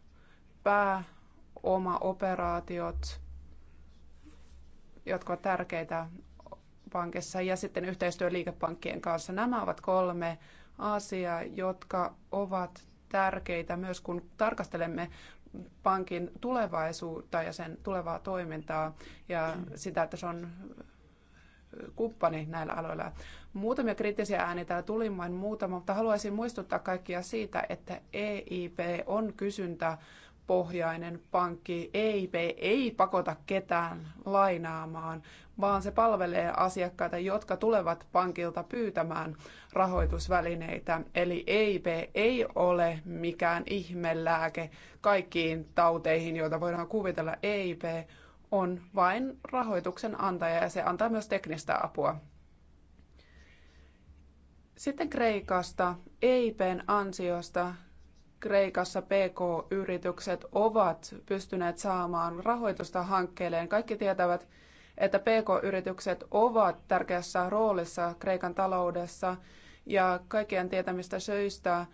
pääomaoperaatiot, jotka ovat tärkeitä pankissa, ja sitten yhteistyö liikepankkien kanssa. Nämä ovat kolme asiaa, jotka ovat tärkeitä myös, kun tarkastelemme pankin tulevaisuutta ja sen tulevaa toimintaa ja sitä, että se on kumppani näillä aloilla. Muutamia kriittisiä ääniä täällä tuli vain muutama, mutta haluaisin muistuttaa kaikkia siitä, että EIP on kysyntä pohjainen pankki, ei, ei pakota ketään lainaamaan, vaan se palvelee asiakkaita, jotka tulevat pankilta pyytämään rahoitusvälineitä. Eli EIP ei ole mikään ihmelääke kaikkiin tauteihin, joita voidaan kuvitella. EIP on vain rahoituksen antaja ja se antaa myös teknistä apua. Sitten Kreikasta, EIPn ansiosta Kreikassa PK-yritykset ovat pystyneet saamaan rahoitusta hankkeelleen. Kaikki tietävät, että PK-yritykset ovat tärkeässä roolissa Kreikan taloudessa ja kaikkien tietämistä syistä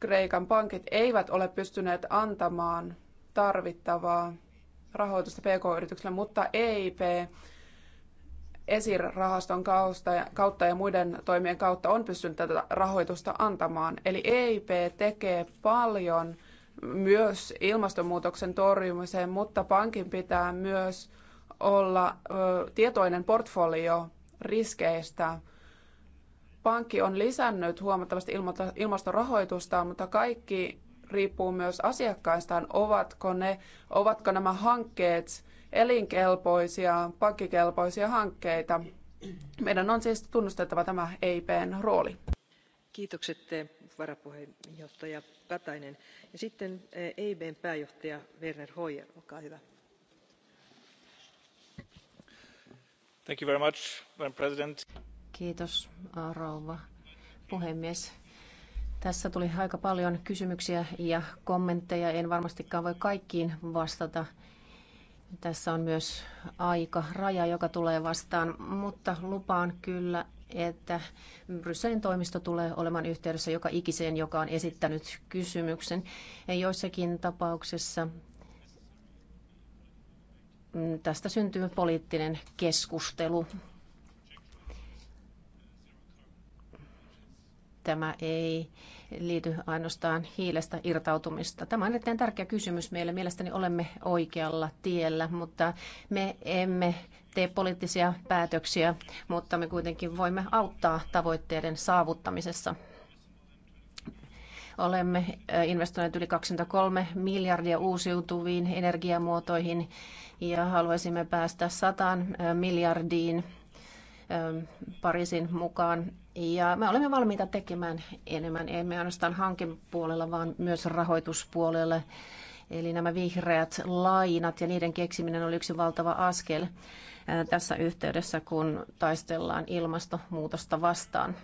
Kreikan pankit eivät ole pystyneet antamaan tarvittavaa rahoitusta PK-yrityksille, mutta EIP ESIR-rahaston kautta ja muiden toimien kautta on pystynyt tätä rahoitusta antamaan. Eli EIP tekee paljon myös ilmastonmuutoksen torjumiseen, mutta pankin pitää myös olla tietoinen portfolio riskeistä. Pankki on lisännyt huomattavasti ilmastorahoitusta, mutta kaikki riippuu myös asiakkaistaan, ovatko, ne, ovatko nämä hankkeet elinkelpoisia, pankkikelpoisia hankkeita. Meidän on siis tunnustettava tämä EIPn rooli. Kiitokset eh, varapuheenjohtaja Katainen. Ja sitten EIBn eh, e pääjohtaja Werner Hoyer, olkaa hyvä. Thank you very much, Madam President. Kiitos, rouva puhemies. Tässä tuli aika paljon kysymyksiä ja kommentteja. En varmastikaan voi kaikkiin vastata. Tässä on myös aika raja, joka tulee vastaan, mutta lupaan kyllä, että Brysselin toimisto tulee olemaan yhteydessä joka ikiseen, joka on esittänyt kysymyksen. Ja joissakin tapauksissa tästä syntyy poliittinen keskustelu. tämä ei liity ainoastaan hiilestä irtautumista. Tämä on erittäin tärkeä kysymys meille. Mielestäni olemme oikealla tiellä, mutta me emme tee poliittisia päätöksiä, mutta me kuitenkin voimme auttaa tavoitteiden saavuttamisessa. Olemme äh, investoineet yli 23 miljardia uusiutuviin energiamuotoihin ja haluaisimme päästä 100 äh, miljardiin ähm, Pariisin mukaan ja me olemme valmiita tekemään enemmän, emme ainoastaan hankepuolella, vaan myös rahoituspuolella. Eli nämä vihreät lainat ja niiden keksiminen oli yksi valtava askel tässä yhteydessä, kun taistellaan ilmastonmuutosta vastaan.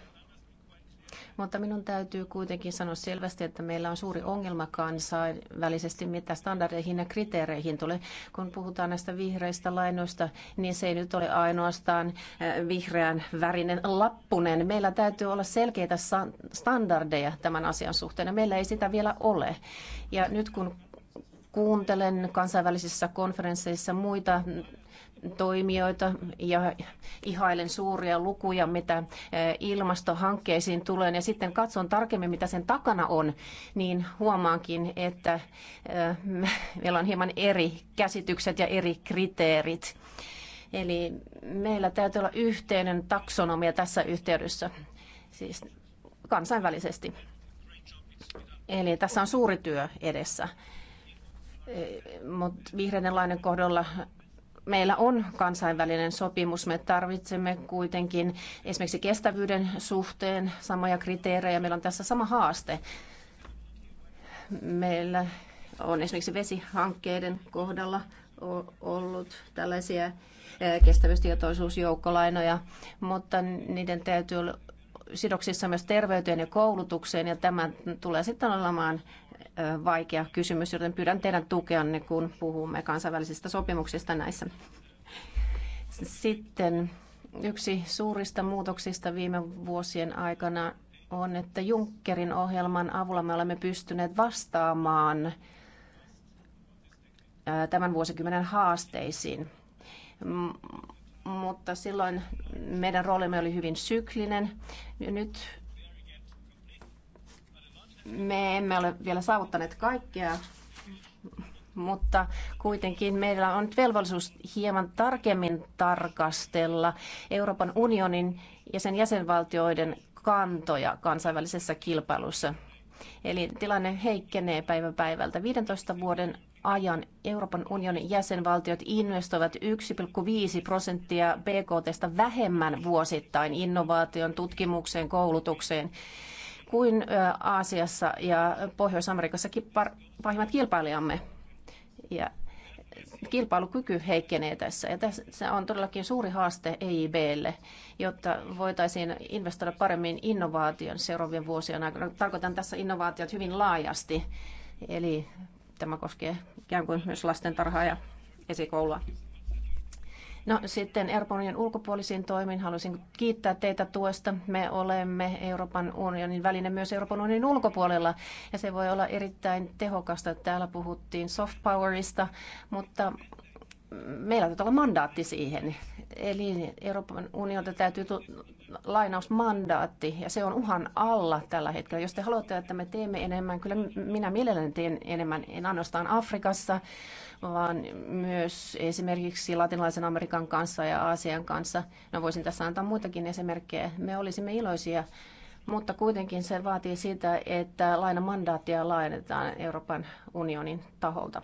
Mutta minun täytyy kuitenkin sanoa selvästi, että meillä on suuri ongelma kansainvälisesti, mitä standardeihin ja kriteereihin tulee. Kun puhutaan näistä vihreistä lainoista, niin se ei nyt ole ainoastaan eh, vihreän värinen lappunen. Meillä täytyy olla selkeitä standardeja tämän asian suhteen, ja meillä ei sitä vielä ole. Ja nyt kun kuuntelen kansainvälisissä konferensseissa muita toimijoita ja ihailen suuria lukuja, mitä eh, ilmastohankkeisiin tulee. Ja sitten katson tarkemmin, mitä sen takana on, niin huomaankin, että eh, meillä on hieman eri käsitykset ja eri kriteerit. Eli meillä täytyy olla yhteinen taksonomia tässä yhteydessä, siis kansainvälisesti. Eli tässä on suuri työ edessä. Eh, Mutta vihreänlainen kohdalla meillä on kansainvälinen sopimus. Me tarvitsemme kuitenkin esimerkiksi kestävyyden suhteen samoja kriteerejä. Meillä on tässä sama haaste. Meillä on esimerkiksi vesihankkeiden kohdalla ollut tällaisia kestävyystietoisuusjoukkolainoja, mutta niiden täytyy olla sidoksissa myös terveyteen ja koulutukseen, ja tämä tulee sitten olemaan vaikea kysymys, joten pyydän teidän tukeanne, kun puhumme kansainvälisistä sopimuksista näissä. Sitten yksi suurista muutoksista viime vuosien aikana on, että Junckerin ohjelman avulla me olemme pystyneet vastaamaan tämän vuosikymmenen haasteisiin. Mutta silloin meidän roolimme oli hyvin syklinen. Nyt me emme ole vielä saavuttaneet kaikkea, mutta kuitenkin meillä on nyt velvollisuus hieman tarkemmin tarkastella Euroopan unionin ja sen jäsenvaltioiden kantoja kansainvälisessä kilpailussa. Eli tilanne heikkenee päivä päivältä. 15 vuoden ajan Euroopan unionin jäsenvaltiot investoivat 1,5 prosenttia BKTstä vähemmän vuosittain innovaation, tutkimukseen, koulutukseen kuin Aasiassa ja Pohjois-Amerikassakin pahimmat kilpailijamme. Ja kilpailukyky heikkenee tässä. Ja tässä on todellakin suuri haaste EIBlle, jotta voitaisiin investoida paremmin innovaation seuraavien vuosien aikana. Tarkoitan tässä innovaatiot hyvin laajasti, eli tämä koskee ikään kuin myös lastentarhaa ja esikoulua. No sitten Euroopan unionin ulkopuolisiin toimiin haluaisin kiittää teitä tuosta. Me olemme Euroopan unionin väline myös Euroopan unionin ulkopuolella ja se voi olla erittäin tehokasta. Täällä puhuttiin soft powerista, mutta meillä täytyy olla mandaatti siihen. Eli Euroopan unionilta täytyy lainausmandaatti, ja se on uhan alla tällä hetkellä. Jos te haluatte, että me teemme enemmän, kyllä minä mielelläni teen enemmän, en ainoastaan Afrikassa, vaan myös esimerkiksi latinalaisen Amerikan kanssa ja Aasian kanssa. No voisin tässä antaa muitakin esimerkkejä. Me olisimme iloisia, mutta kuitenkin se vaatii sitä, että lainamandaattia laajennetaan Euroopan unionin taholta.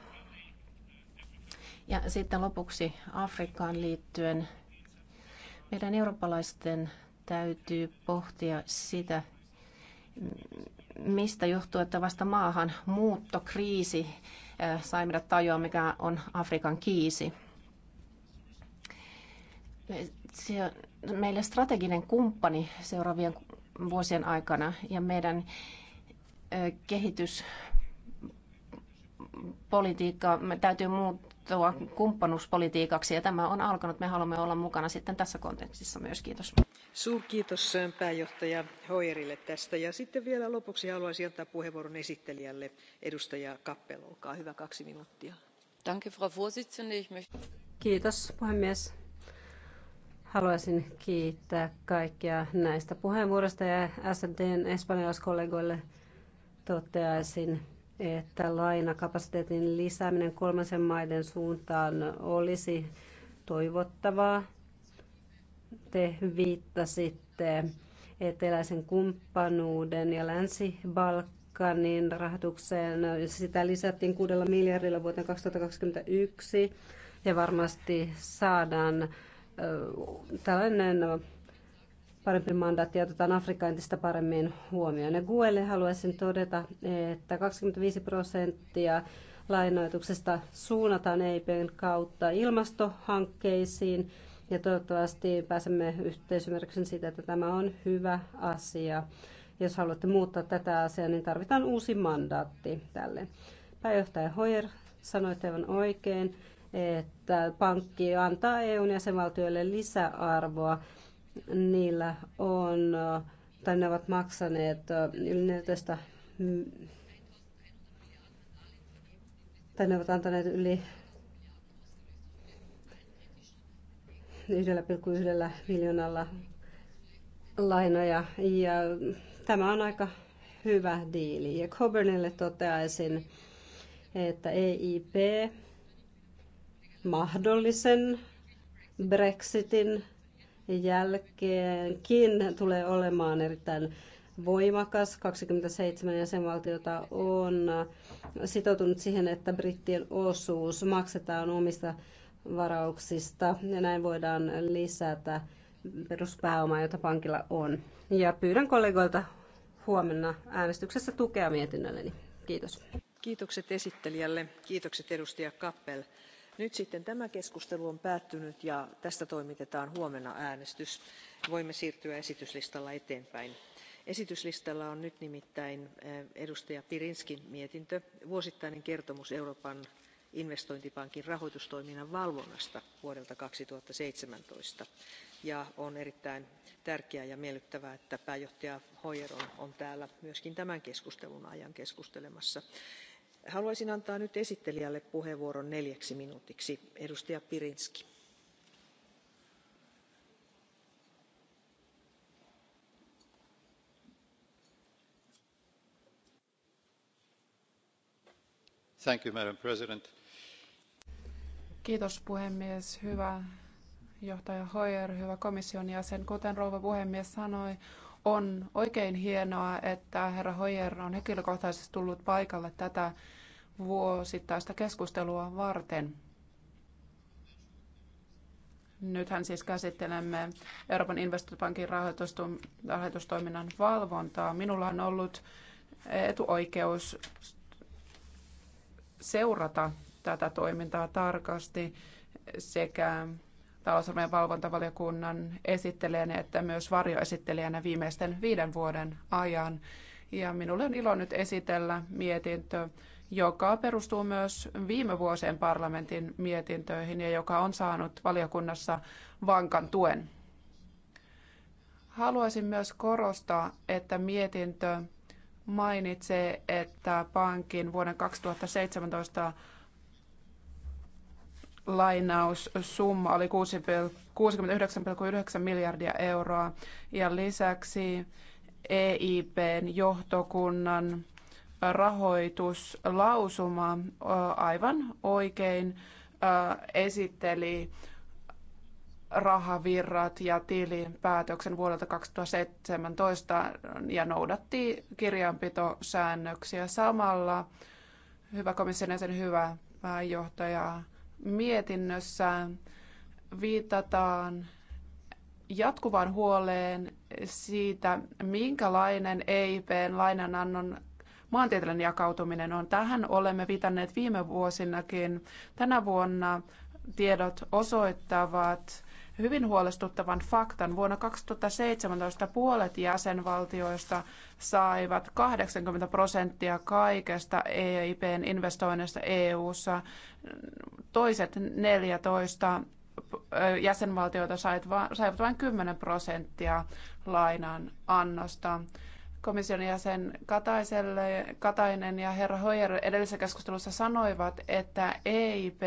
Ja sitten lopuksi Afrikkaan liittyen meidän eurooppalaisten täytyy pohtia sitä, mistä johtuu, että vasta maahan muuttokriisi äh, sai meidät tajua, mikä on Afrikan kiisi. Se on meille strateginen kumppani seuraavien vuosien aikana ja meidän äh, kehityspolitiikka täytyy muuttaa muuttua kumppanuuspolitiikaksi ja tämä on alkanut. Me haluamme olla mukana sitten tässä kontekstissa myös. Kiitos. kiitos eh, pääjohtaja Hoyerille tästä. Ja sitten vielä lopuksi haluaisin antaa puheenvuoron esittelijälle. Edustaja Kappel, olkaa hyvä kaksi minuuttia. Danke, Frau Vorsitzende. Kiitos puhemies. Haluaisin kiittää kaikkia näistä puheenvuoroista ja SMTn espanjalaiskollegoille toteaisin, että lainakapasiteetin lisääminen kolmansien maiden suuntaan olisi toivottavaa. Te viittasitte eteläisen kumppanuuden ja Länsi-Balkanin rahoitukseen. Sitä lisättiin kuudella miljardilla vuoteen 2021 ja varmasti saadaan tällainen parempi mandaatti ja otetaan Afrikka entistä paremmin huomioon. Ja Guelle haluaisin todeta, että 25 prosenttia lainoituksesta suunnataan EIPn kautta ilmastohankkeisiin ja toivottavasti pääsemme yhteisymmärryksen siitä, että tämä on hyvä asia. Jos haluatte muuttaa tätä asiaa, niin tarvitaan uusi mandaatti tälle. Pääjohtaja Hoyer sanoi aivan oikein, että pankki antaa EUn jäsenvaltioille lisäarvoa niillä on, tai ne ovat maksaneet yli 14 tai ne ovat antaneet yli 1,1 miljoonalla lainoja ja tämä on aika hyvä diili. Ja Coburnille toteaisin, että EIP mahdollisen Brexitin jälkeenkin tulee olemaan erittäin voimakas. 27 jäsenvaltiota on sitoutunut siihen, että brittien osuus maksetaan omista varauksista ja näin voidaan lisätä peruspääomaa, jota pankilla on. Ja pyydän kollegoilta huomenna äänestyksessä tukea mietinnölleni. Kiitos. Kiitokset esittelijälle. Kiitokset edustaja Kappel nyt sitten tämä keskustelu on päättynyt ja tästä toimitetaan huomenna äänestys. voimme siirtyä esityslistalla eteenpäin. esityslistalla on nyt nimittäin eh, edustaja pirinskin mietintö vuosittainen kertomus euroopan investointipankin rahoitustoiminnan valvonnasta vuodelta kaksituhatta seitsemäntoista ja on erittäin tärkeää ja miellyttävää että pääjohtaja hoyer on täällä myöskin tämän keskustelun ajan keskustelemassa haluaisin antaa nyt esittelijälle puheenvuoron neljäksi minuutiksi. edustaja pirinski. madam president Kiitos puhemies, hyvä johtaja Hoyer, hyvä komission jäsen. Kuten rouva puhemies sanoi, on oikein hienoa, että herra Hoyer on henkilökohtaisesti tullut paikalle tätä vuosittaista keskustelua varten. Nythän siis käsittelemme Euroopan investointipankin rahoitustoiminnan valvontaa. Minulla on ollut etuoikeus seurata tätä toimintaa tarkasti sekä talousarvion valvontavaliokunnan esittelijänä että myös varjoesittelijänä viimeisten viiden vuoden ajan. Ja minulle on ilo nyt esitellä mietintö, joka perustuu myös viime vuosien parlamentin mietintöihin ja joka on saanut valiokunnassa vankan tuen. Haluaisin myös korostaa, että mietintö mainitsee, että pankin vuoden 2017 lainaussumma oli 69,9 miljardia euroa ja lisäksi EIPn johtokunnan rahoituslausuma aivan oikein esitteli rahavirrat ja tilinpäätöksen vuodelta 2017 ja noudatti kirjanpitosäännöksiä samalla. Hyvä komission jäsen, hyvä pääjohtaja mietinnössään viitataan jatkuvan huoleen siitä, minkälainen EIPn lainanannon maantieteellinen jakautuminen on. Tähän olemme viitanneet viime vuosinakin. Tänä vuonna tiedot osoittavat, hyvin huolestuttavan faktan. Vuonna 2017 puolet jäsenvaltioista saivat 80 prosenttia kaikesta EIPn investoinnista EU:ssa. Toiset 14 jäsenvaltioita saivat vain 10 prosenttia lainan annosta komission jäsen Kataiselle, Katainen ja herra Hoyer edellisessä keskustelussa sanoivat, että EIP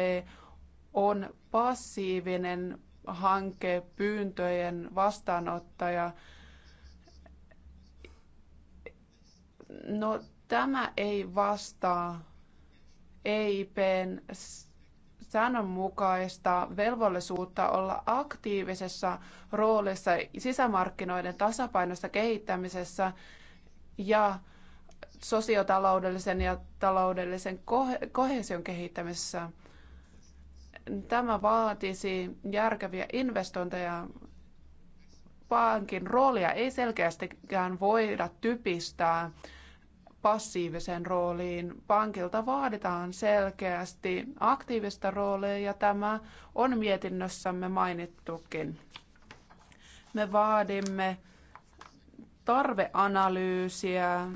on passiivinen hankepyyntöjen vastaanottaja. No, tämä ei vastaa EIPn säännönmukaista velvollisuutta olla aktiivisessa roolissa sisämarkkinoiden tasapainossa kehittämisessä ja sosiotaloudellisen ja taloudellisen kohesion kehittämisessä. Tämä vaatisi järkeviä investointeja. Pankin roolia ei selkeästikään voida typistää passiiviseen rooliin. Pankilta vaaditaan selkeästi aktiivista roolia ja tämä on mietinnössämme mainittukin. Me vaadimme tarveanalyysiä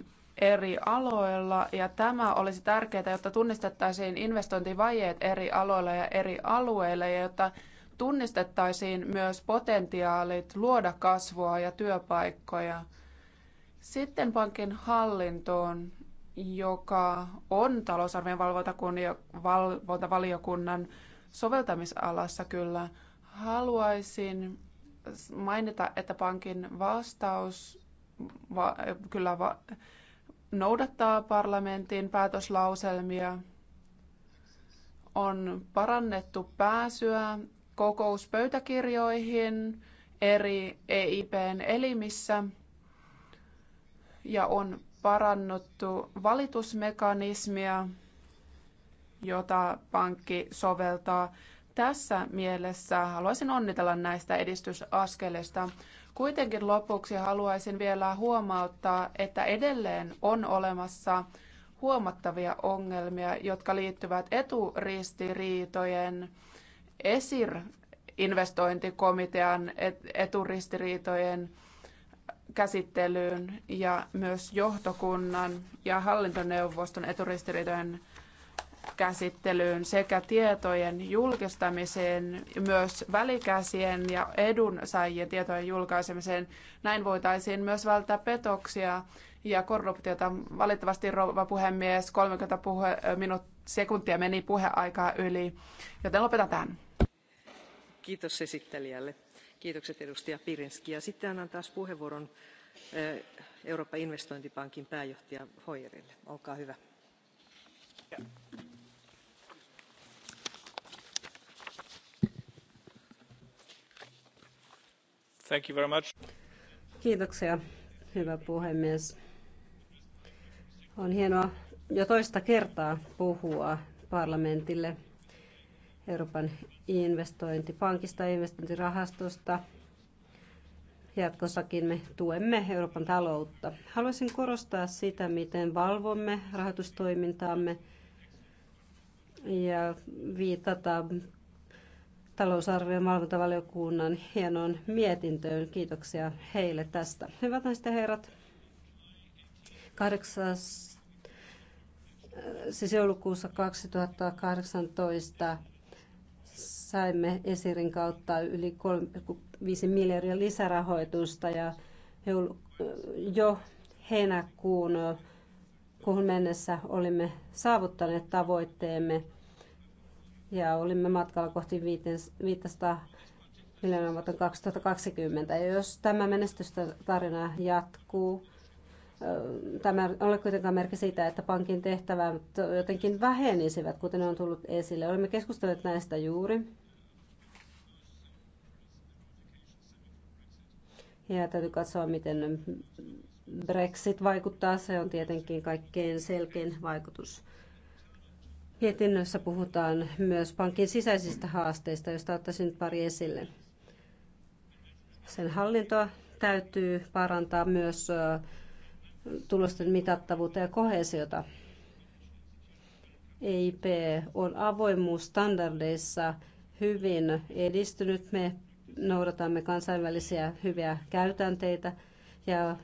eri aloilla ja tämä olisi tärkeää, jotta tunnistettaisiin investointivajeet eri aloilla ja eri alueilla ja jotta tunnistettaisiin myös potentiaalit luoda kasvua ja työpaikkoja. Sitten pankin hallintoon, joka on talousarvion valvontavaliokunnan soveltamisalassa kyllä. Haluaisin mainita, että pankin vastaus va, kyllä va, noudattaa parlamentin päätöslauselmia. On parannettu pääsyä kokouspöytäkirjoihin eri EIPn elimissä ja on parannettu valitusmekanismia, jota pankki soveltaa. Tässä mielessä haluaisin onnitella näistä edistysaskeleista. Kuitenkin lopuksi haluaisin vielä huomauttaa, että edelleen on olemassa huomattavia ongelmia, jotka liittyvät eturistiriitojen esirinvestointikomitean eturistiriitojen käsittelyyn ja myös johtokunnan ja hallintoneuvoston eturistiriitojen käsittelyyn sekä tietojen julkistamiseen, myös välikäsien ja edunsaajien tietojen julkaisemiseen. Näin voitaisiin myös välttää petoksia ja korruptiota. Valitettavasti rouva puhemies, 30 puhe, minut, sekuntia meni puheaikaa yli, joten lopetan tämän. Kiitos esittelijälle. Kiitokset edustaja Pirinski. Ja sitten annan taas puheenvuoron eh, Euroopan investointipankin pääjohtaja Hoyerille. Olkaa hyvä. Thank you very much. Kiitoksia, hyvä puhemies. On hienoa jo toista kertaa puhua parlamentille Euroopan investointipankista ja investointirahastosta. Jatkossakin me tuemme Euroopan taloutta. Haluaisin korostaa sitä, miten valvomme rahoitustoimintaamme ja viitata talousarvion valvontavaliokunnan hienoon mietintöön. Kiitoksia heille tästä. Hyvät naiset ja herrat, 8. Äh, siis joulukuussa 2018 saimme Esirin kautta yli 3,5 miljardia lisärahoitusta ja äh, jo heinäkuun äh, kuuhun mennessä olimme saavuttaneet tavoitteemme – ja olimme matkalla kohti 500 miljoonaa vuotta 2020. Ja jos tämä menestystarina jatkuu, tämä ei ole kuitenkaan merkki siitä, että pankin tehtävät jotenkin vähenisivät, kuten on tullut esille. Olemme keskustelleet näistä juuri. Ja täytyy katsoa, miten Brexit vaikuttaa. Se on tietenkin kaikkein selkein vaikutus. Mietinnössä puhutaan myös pankin sisäisistä haasteista, joista ottaisin nyt pari esille. Sen hallintoa täytyy parantaa myös tulosten mitattavuutta ja kohesiota. EIP on avoimuusstandardeissa hyvin edistynyt. Me noudatamme kansainvälisiä hyviä käytänteitä ja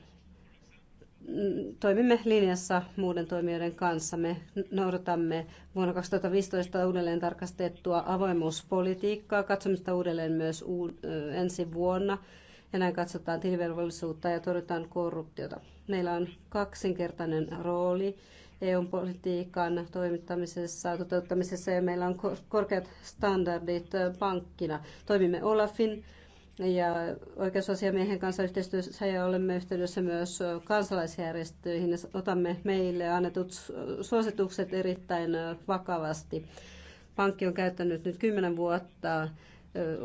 toimimme linjassa muiden toimijoiden kanssa. Me noudatamme vuonna 2015 uudelleen tarkastettua avoimuuspolitiikkaa, katsomista uudelleen myös ensi vuonna. Ja näin katsotaan tilivelvollisuutta ja torjutaan korruptiota. Meillä on kaksinkertainen rooli EU-politiikan toimittamisessa ja toteuttamisessa ja meillä on korkeat standardit pankkina. Toimimme Olafin ja oikeusasiamiehen kanssa yhteistyössä ja olemme yhteydessä myös kansalaisjärjestöihin. Otamme meille annetut suositukset erittäin vakavasti. Pankki on käyttänyt nyt kymmenen vuotta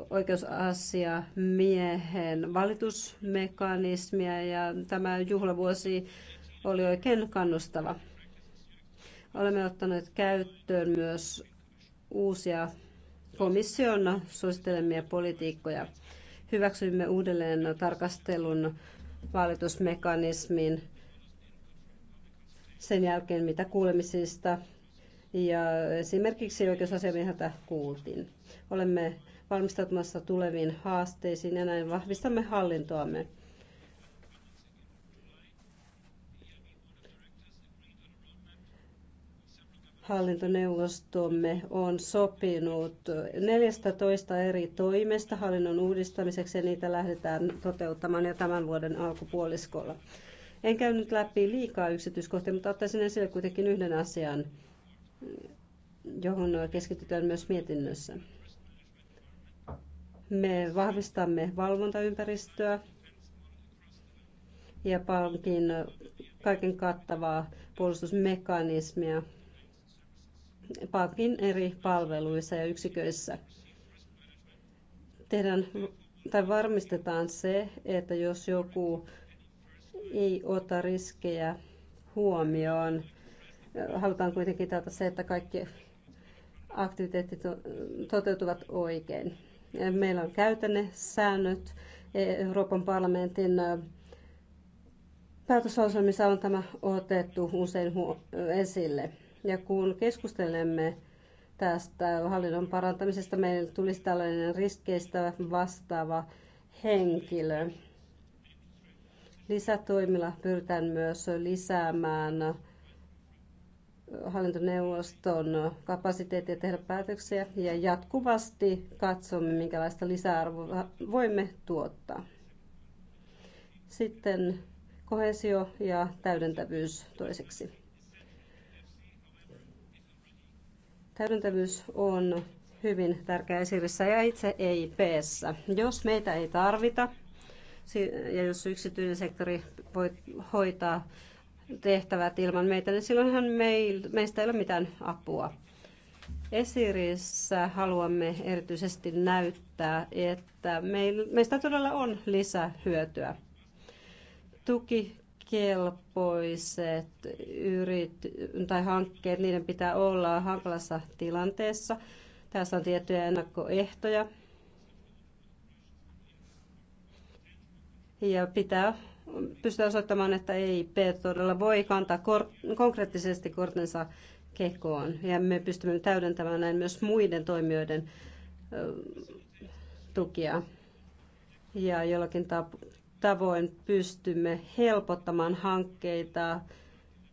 oikeusasiamiehen valitusmekanismia ja tämä juhlavuosi oli oikein kannustava. Olemme ottaneet käyttöön myös uusia komission suosittelemia politiikkoja hyväksyimme uudelleen tarkastelun valitusmekanismin sen jälkeen, mitä kuulemisista ja esimerkiksi oikeusasiamieheltä kuultiin. Olemme valmistautumassa tuleviin haasteisiin ja näin vahvistamme hallintoamme. hallintoneuvostomme on sopinut 14 eri toimesta hallinnon uudistamiseksi ja niitä lähdetään toteuttamaan jo tämän vuoden alkupuoliskolla. En käynyt läpi liikaa yksityiskohtia, mutta ottaisin esille kuitenkin yhden asian, johon keskitytään myös mietinnössä. Me vahvistamme valvontaympäristöä ja pankin kaiken kattavaa puolustusmekanismia pankin eri palveluissa ja yksiköissä. Tehdään, tai varmistetaan se, että jos joku ei ota riskejä huomioon, halutaan kuitenkin taata se, että kaikki aktiviteetit toteutuvat oikein. Meillä on käytännön säännöt. Euroopan parlamentin päätöslauselmissa on tämä otettu usein esille. Ja kun keskustelemme tästä hallinnon parantamisesta, meille tulisi tällainen riskeistä vastaava henkilö. Lisätoimilla pyritään myös lisäämään hallintoneuvoston kapasiteettia tehdä päätöksiä ja jatkuvasti katsomme, minkälaista lisäarvoa voimme tuottaa. Sitten kohesio ja täydentävyys toiseksi. Täydentävyys on hyvin tärkeä esirissä ja itse EIPssä. Jos meitä ei tarvita ja jos yksityinen sektori voi hoitaa tehtävät ilman meitä, niin silloinhan meistä ei ole mitään apua. Esirissä haluamme erityisesti näyttää, että meistä todella on lisähyötyä. Tuki kelpoiset yrit- tai hankkeet, niiden pitää olla hankalassa tilanteessa. Tässä on tiettyjä ennakkoehtoja. Ja pitää pystyä osoittamaan, että P todella voi kantaa kor- konkreettisesti kortensa kekoon. Ja me pystymme täydentämään näin myös muiden toimijoiden tukia. Ja jollakin tap- tavoin pystymme helpottamaan hankkeita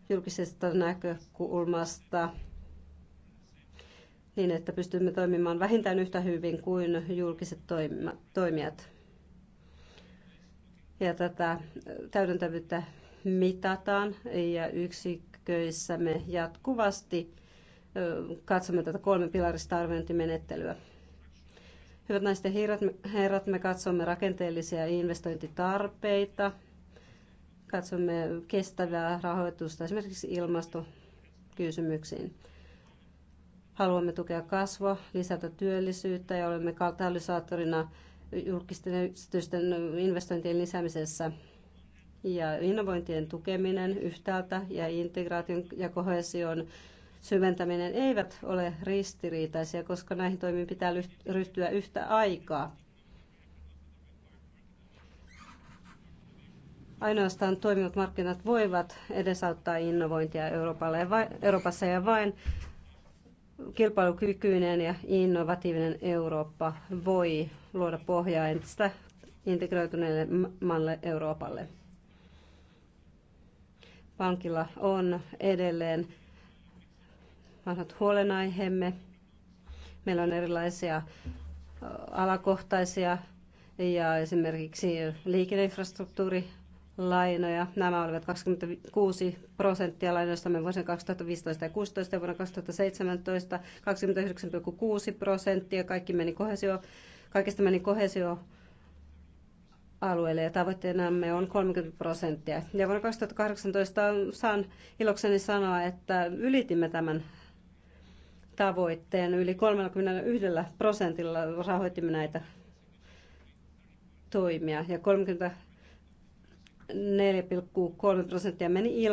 julkisesta näkökulmasta niin, että pystymme toimimaan vähintään yhtä hyvin kuin julkiset toimijat. Ja tätä täydentävyyttä mitataan ja yksiköissä me jatkuvasti katsomme tätä kolmen pilarista arviointimenettelyä. Hyvät naiset ja herrat, me katsomme rakenteellisia investointitarpeita, katsomme kestävää rahoitusta esimerkiksi ilmastokysymyksiin. Haluamme tukea kasvua, lisätä työllisyyttä ja olemme katalysaattorina julkisten yksityisten investointien lisäämisessä ja innovointien tukeminen yhtäältä ja integraation ja kohesion syventäminen eivät ole ristiriitaisia, koska näihin toimiin pitää ryhtyä yhtä aikaa. Ainoastaan toimivat markkinat voivat edesauttaa innovointia Euroopassa ja vain kilpailukykyinen ja innovatiivinen Eurooppa voi luoda pohjaa entistä integroituneelle maalle Euroopalle. Pankilla on edelleen vanhat huolenaiheemme. Meillä on erilaisia alakohtaisia ja esimerkiksi liikenneinfrastruktuurilainoja. Nämä olivat 26 prosenttia lainoista, me vuosina 2015 ja 16 ja vuonna 2017 29,6 prosenttia. Kaikki meni kohesio, kaikista meni kohesio alueelle ja tavoitteenamme on 30 prosenttia. Ja vuonna 2018 saan ilokseni sanoa, että ylitimme tämän tavoitteen. Yli 31 prosentilla rahoitimme näitä toimia ja 34,3 prosenttia meni ilman